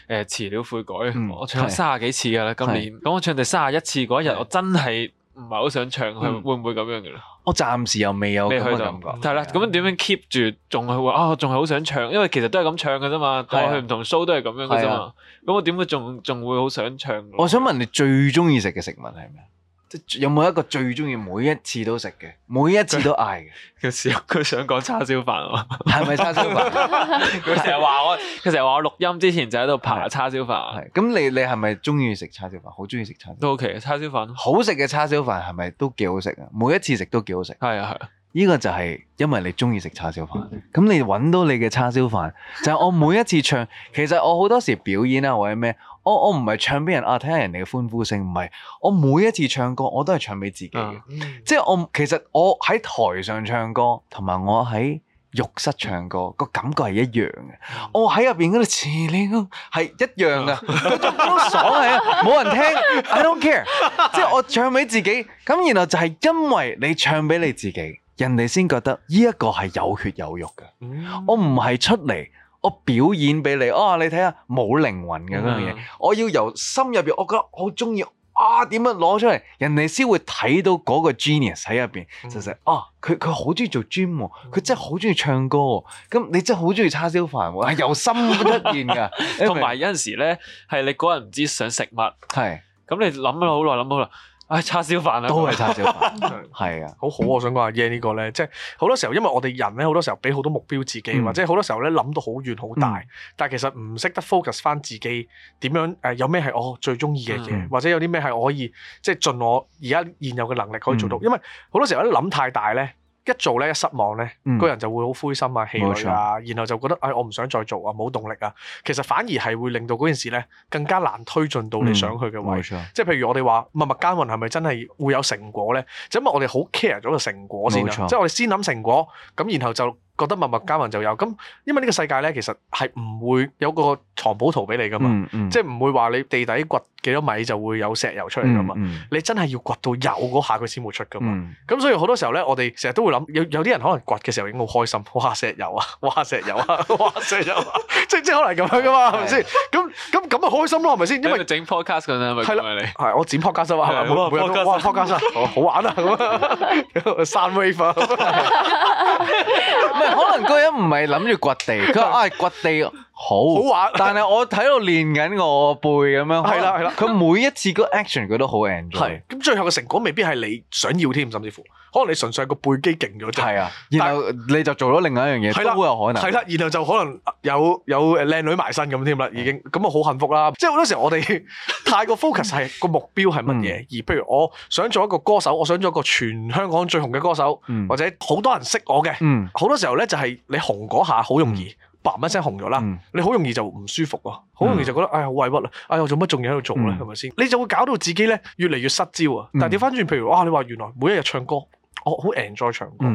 S4: 如,誒，辭、呃、了悔改，嗯、我唱三十幾次噶啦，今年。咁的我唱第三十一次嗰一日，我真係唔係好想唱，佢會唔會咁樣噶咧、嗯？我暫時又未有咁嘅感覺。係啦，咁樣點樣 keep 住，仲係話啊，仲係好想唱，因為其實都係咁唱噶啫嘛，我去唔同 show 都係咁樣噶啫嘛。咁我點解仲仲會好想唱？
S3: 我想問你最中意食嘅食物係咩有冇一個最中意，每一次都食嘅，每一
S4: 次都嗌嘅。佢成日佢想講叉燒飯啊，係咪叉燒飯？佢成日話我，佢成日話我錄音之前就喺度拍叉燒飯。係咁，你你係咪中意食叉燒飯？好中意食叉燒飯。都 OK，叉燒飯。好食
S3: 嘅叉燒飯係咪都幾好食啊？每一次食都幾好食。係啊係啊。呢個就係因為你中意食叉燒飯，咁 (laughs) 你揾到你嘅叉燒飯就係、是、我每一次唱，其實我好多時表演啦或者咩，我我唔係唱俾人啊，睇下人哋嘅歡呼聲，唔係我每一次唱歌我都係唱俾自己，嗯、即係我其實我喺台上唱歌同埋我喺浴室唱歌個感覺係一樣嘅，我喺入邊嗰度似你係一樣噶，好 (laughs) 爽嘅，冇人聽，I don't care，即係我唱俾自己，咁然後就係因為你唱俾你自己。人哋先覺得呢一個係有血有肉嘅，嗯、我唔係出嚟，我表演俾你啊、哦！你睇下冇靈魂嘅嗰樣嘢，嗯、我要由心入邊，我覺得好中意啊，點樣攞出嚟？人哋先會睇到嗰個 genius 喺入邊，嗯、就係啊，佢佢好中意做 gym 喎，佢真係好中意唱歌，咁你真係好中意叉燒飯喎， (laughs)
S4: 係由心出現嘅。同埋 (laughs) 有陣時咧，係你嗰日唔知想食乜，係
S2: 咁是你諗咗好耐，諗好耐。唉、哎，叉燒飯啊，都係叉燒飯，係啊，好好啊，我想講阿 Yan 呢個咧，即係好多時候，因為我哋人咧，好多時候俾好多目標自己，嗯、或者好多時候咧諗到好遠好大，嗯、但係其實唔識得 focus 翻自己點樣，誒、呃、有咩係我最中意嘅嘢，嗯、或者有啲咩係我可以即係盡我而家現有嘅能力可以做到，嗯、因為好多時候一諗太大咧。一做咧，一失望咧，個、嗯、人就會好灰心啊、氣餒啊，錯然後就覺得誒、哎，我唔想再做啊，冇動力啊。其實反而係會令到嗰件事咧更加難推進到你想去嘅位。嗯、即係譬如我哋話默默耕耘係咪真係會有成果咧？就因、是、為我哋好 care 咗個成果先、啊、錯即係我哋先諗成果咁，然後就，覺得默默耕耘就有咁。因為呢個世界咧，其實係唔會有個藏寶圖俾你噶嘛，即係唔會話你地底掘幾多米就會有石油出嚟噶嘛。你真係要掘到有嗰下佢先會出噶嘛。咁所以好多時候咧，我哋成日都會諗，有有啲人可能掘嘅時候已經好開心，哇石油啊，哇石油啊，哇石油啊，即即係可能咁樣噶嘛，係咪先？咁咁咁啊開心咯，係咪先？因為整 podcast 咁樣，係咪？係啦，我剪 podcast 啊，係咪？冇啊 p o podcast，好玩啊，山 w
S3: 啊。唔係， (laughs) 可能嗰人唔係諗住掘地，佢話 (laughs) 啊掘地
S2: 好 (laughs) 好玩，但係我睇到練緊我背咁樣，係啦，係啦，佢每一次嗰 action 佢都好 enjoy，係咁最後嘅成果未必係你想要添，甚至乎。可能你純粹係個背肌勁咗啫，
S3: 然後你就做咗另外一樣嘢都有可能，係啦，
S2: 然後就可能有有誒靚女埋身咁添啦，已經咁我好幸福啦。即係好多時候我哋太過 focus 係個目標係乜嘢，而譬如我想做一個歌手，我想做一個全香港最紅嘅歌手，或者好多人識我嘅，好多時候咧就係你紅嗰下好容易，砰一聲紅咗啦，你好容易就唔舒服啊，好容易就覺得唉好委屈啦，啊我做乜仲要喺度做咧，係咪先？你就會搞到自己咧越嚟越失焦啊。但係調翻轉，譬如哇你話原來每一日唱歌。我好 enjoy 唱歌，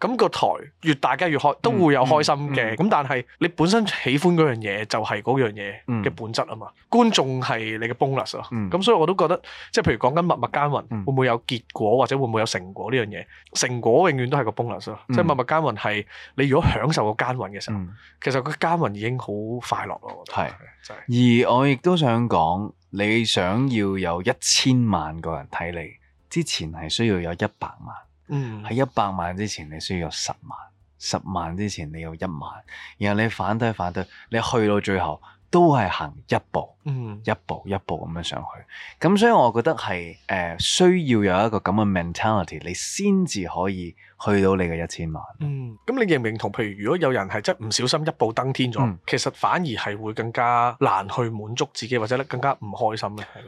S2: 咁個台越大梗係越開都會有開心嘅。咁但係你本身喜歡嗰樣嘢就係嗰樣嘢嘅本質啊嘛。觀眾係你嘅 bonus 咯，咁所以我都覺得即係，譬如講緊默默耕耘，會唔會有結果或者會唔會有成果呢樣嘢？成果永遠都係個 bonus 咯，即係默默耕耘係你如果享受個耕耘嘅時候，其實個耕耘已經好快樂咯。係，而
S3: 我亦都想講，你想要有一千萬個人睇你之前係需要有一百萬。
S2: 嗯，喺
S3: 一百萬之前你需要十萬，十萬之前你要一萬，然後你反推反推，你去到最後都係行一步，嗯、一步一步咁樣上去。咁所以我覺得係誒需要有一個咁嘅 mentality，你先至可以去到你嘅一千萬。
S2: 嗯，咁你認唔認同？譬如如果有人係真唔小心一步登天咗，嗯、其實反而係會更加難去滿足自己，或者咧更加唔開心咧，係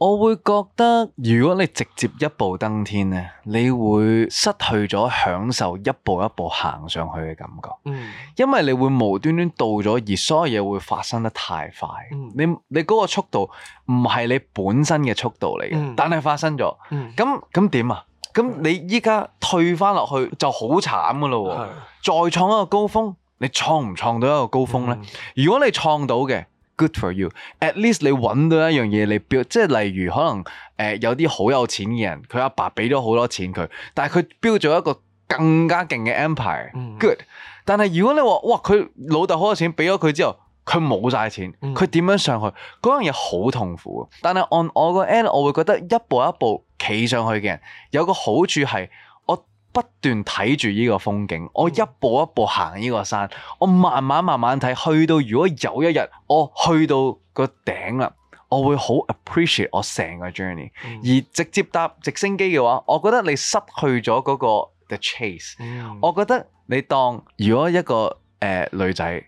S2: 我
S3: 會覺得，如果你直接一步登天咧，你會失去咗享受一步一步行上去嘅感覺。嗯，因為你會無端端到咗，而所有嘢會發生得太快。嗯、你你嗰個速度唔係你本身嘅速度嚟嘅，嗯、但係發生咗。嗯，咁咁點啊？咁你依家退翻落去就好慘噶咯、啊。係、嗯，再創一個高峰，你創唔創到一個高峰咧？嗯、如果你創到嘅。Good for you. At least 你揾到一樣嘢，你 build 即係例如可能誒、呃、有啲好有錢嘅人，佢阿爸俾咗好多錢佢，但係佢 build 咗一個更加勁嘅 empire、嗯。Good。但係如果你話哇，佢老豆好多錢俾咗佢之後，佢冇晒錢，佢點樣上去嗰樣嘢好痛苦。但係按我個 end，我會覺得一步一步企上去嘅人有個好處係。不斷睇住呢個風景，我一步一步行呢個山，我慢慢慢慢睇，去到如果有一日我去到個頂啦，我會好 appreciate 我成個 journey。而直接搭直升機嘅話，我覺得你失去咗嗰個 the chase。我覺得你當如果一個誒、呃、女仔，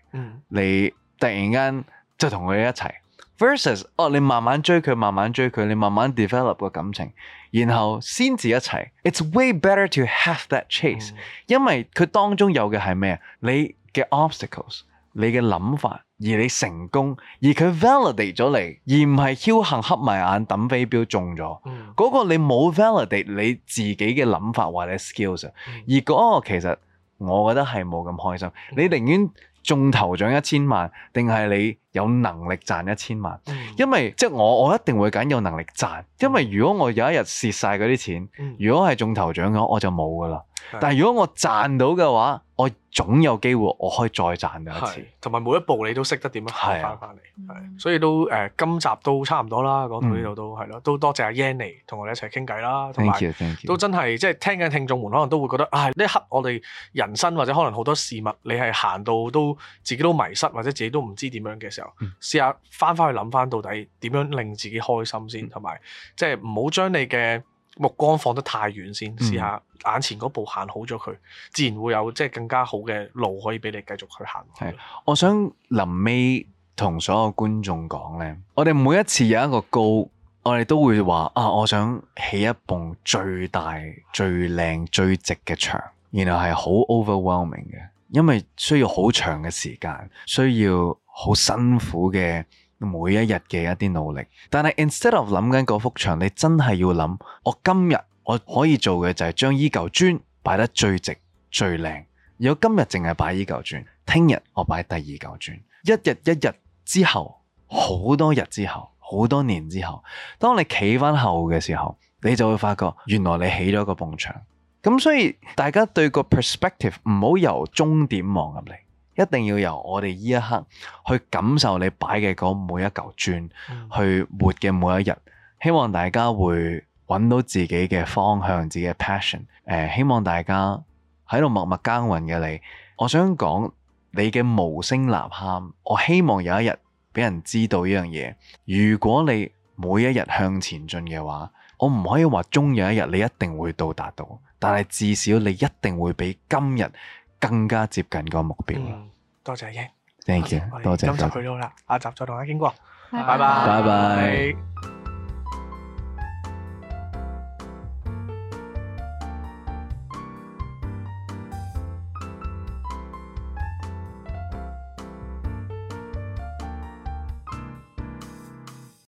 S3: 你突然間就同佢一齊。Versus 哦，你慢慢追佢，慢慢追佢，你慢慢 develop 個感情，然後先至一齊。It's way better to have that chase，因為佢當中有嘅係咩啊？你嘅 obstacles，你嘅諗法，而你成功，而佢 validate 咗你，而唔係僥倖黑埋眼抌飛鏢中咗。嗰個你冇 validate 你自己嘅諗法或者 skills，而嗰個其實我覺得係冇咁開心。你寧願。中頭獎一千萬，定係你有能力賺一千萬？嗯、因為即係我，我一定會揀有能力賺。因為如果我有一日蝕晒嗰啲錢，如果係中頭獎嘅話，我就冇㗎喇。但係如果我賺到嘅話，我總有機會，我可以再賺嘅一次。
S2: 同埋每一步你都識得點樣行翻翻嚟，係的所以都誒、呃，今集都差唔多啦。講到呢度都係咯，都多謝阿 Yan 同我哋一齊傾偈啦。同埋都真係即係聽緊聽眾們，可能都會覺得啊，呢一刻我哋人生或者可能好多事物，你係行到都自己都迷失，或者自己都唔知點樣嘅時候，嗯、試下翻翻去諗翻到底點樣令自己開心先，同埋即係唔好將你嘅，目光放得太遠先，試下眼前嗰步行好咗佢，嗯、自然會有即係、就是、更加好嘅路可以俾你繼續去行。
S3: 係，我想臨尾同所有觀眾講呢，我哋每一次有一個高，我哋都會話啊，我想起一棟最大、最靚、最直嘅牆，然後係好 overwhelming 嘅，因為需要好長嘅時間，需要好辛苦嘅。每一日嘅一啲努力，但係 instead of 諗緊嗰幅牆，你真係要諗，我今日我可以做嘅就係將依嚿磚擺得最直最靚。如果今日淨係擺依嚿磚，聽日我擺第二嚿磚，一日一日之後，好多日之後，好多年之後，當你企翻後嘅時候，你就會發覺原來你起咗個埲牆。咁所以大家對個 perspective 唔好由終點望入嚟。一定要由我哋依一刻去感受你擺嘅嗰每一舊磚、嗯、去活嘅每一日。希望大家會揾到自己嘅方向，嗯、自己嘅 passion、呃。誒，希望大家喺度默默耕耘嘅你，我想講你嘅無聲吶喊。我希望有一日俾人知道呢樣嘢。如果你每一日向前進嘅話，我唔可以話終有一日你一定會到達到，但係至少你一定會比今日。更加接近個目標。嗯，
S2: 多謝你
S3: ，thank you，多謝。今集去
S2: 到啦，下集再同大家傾過，拜拜，拜拜。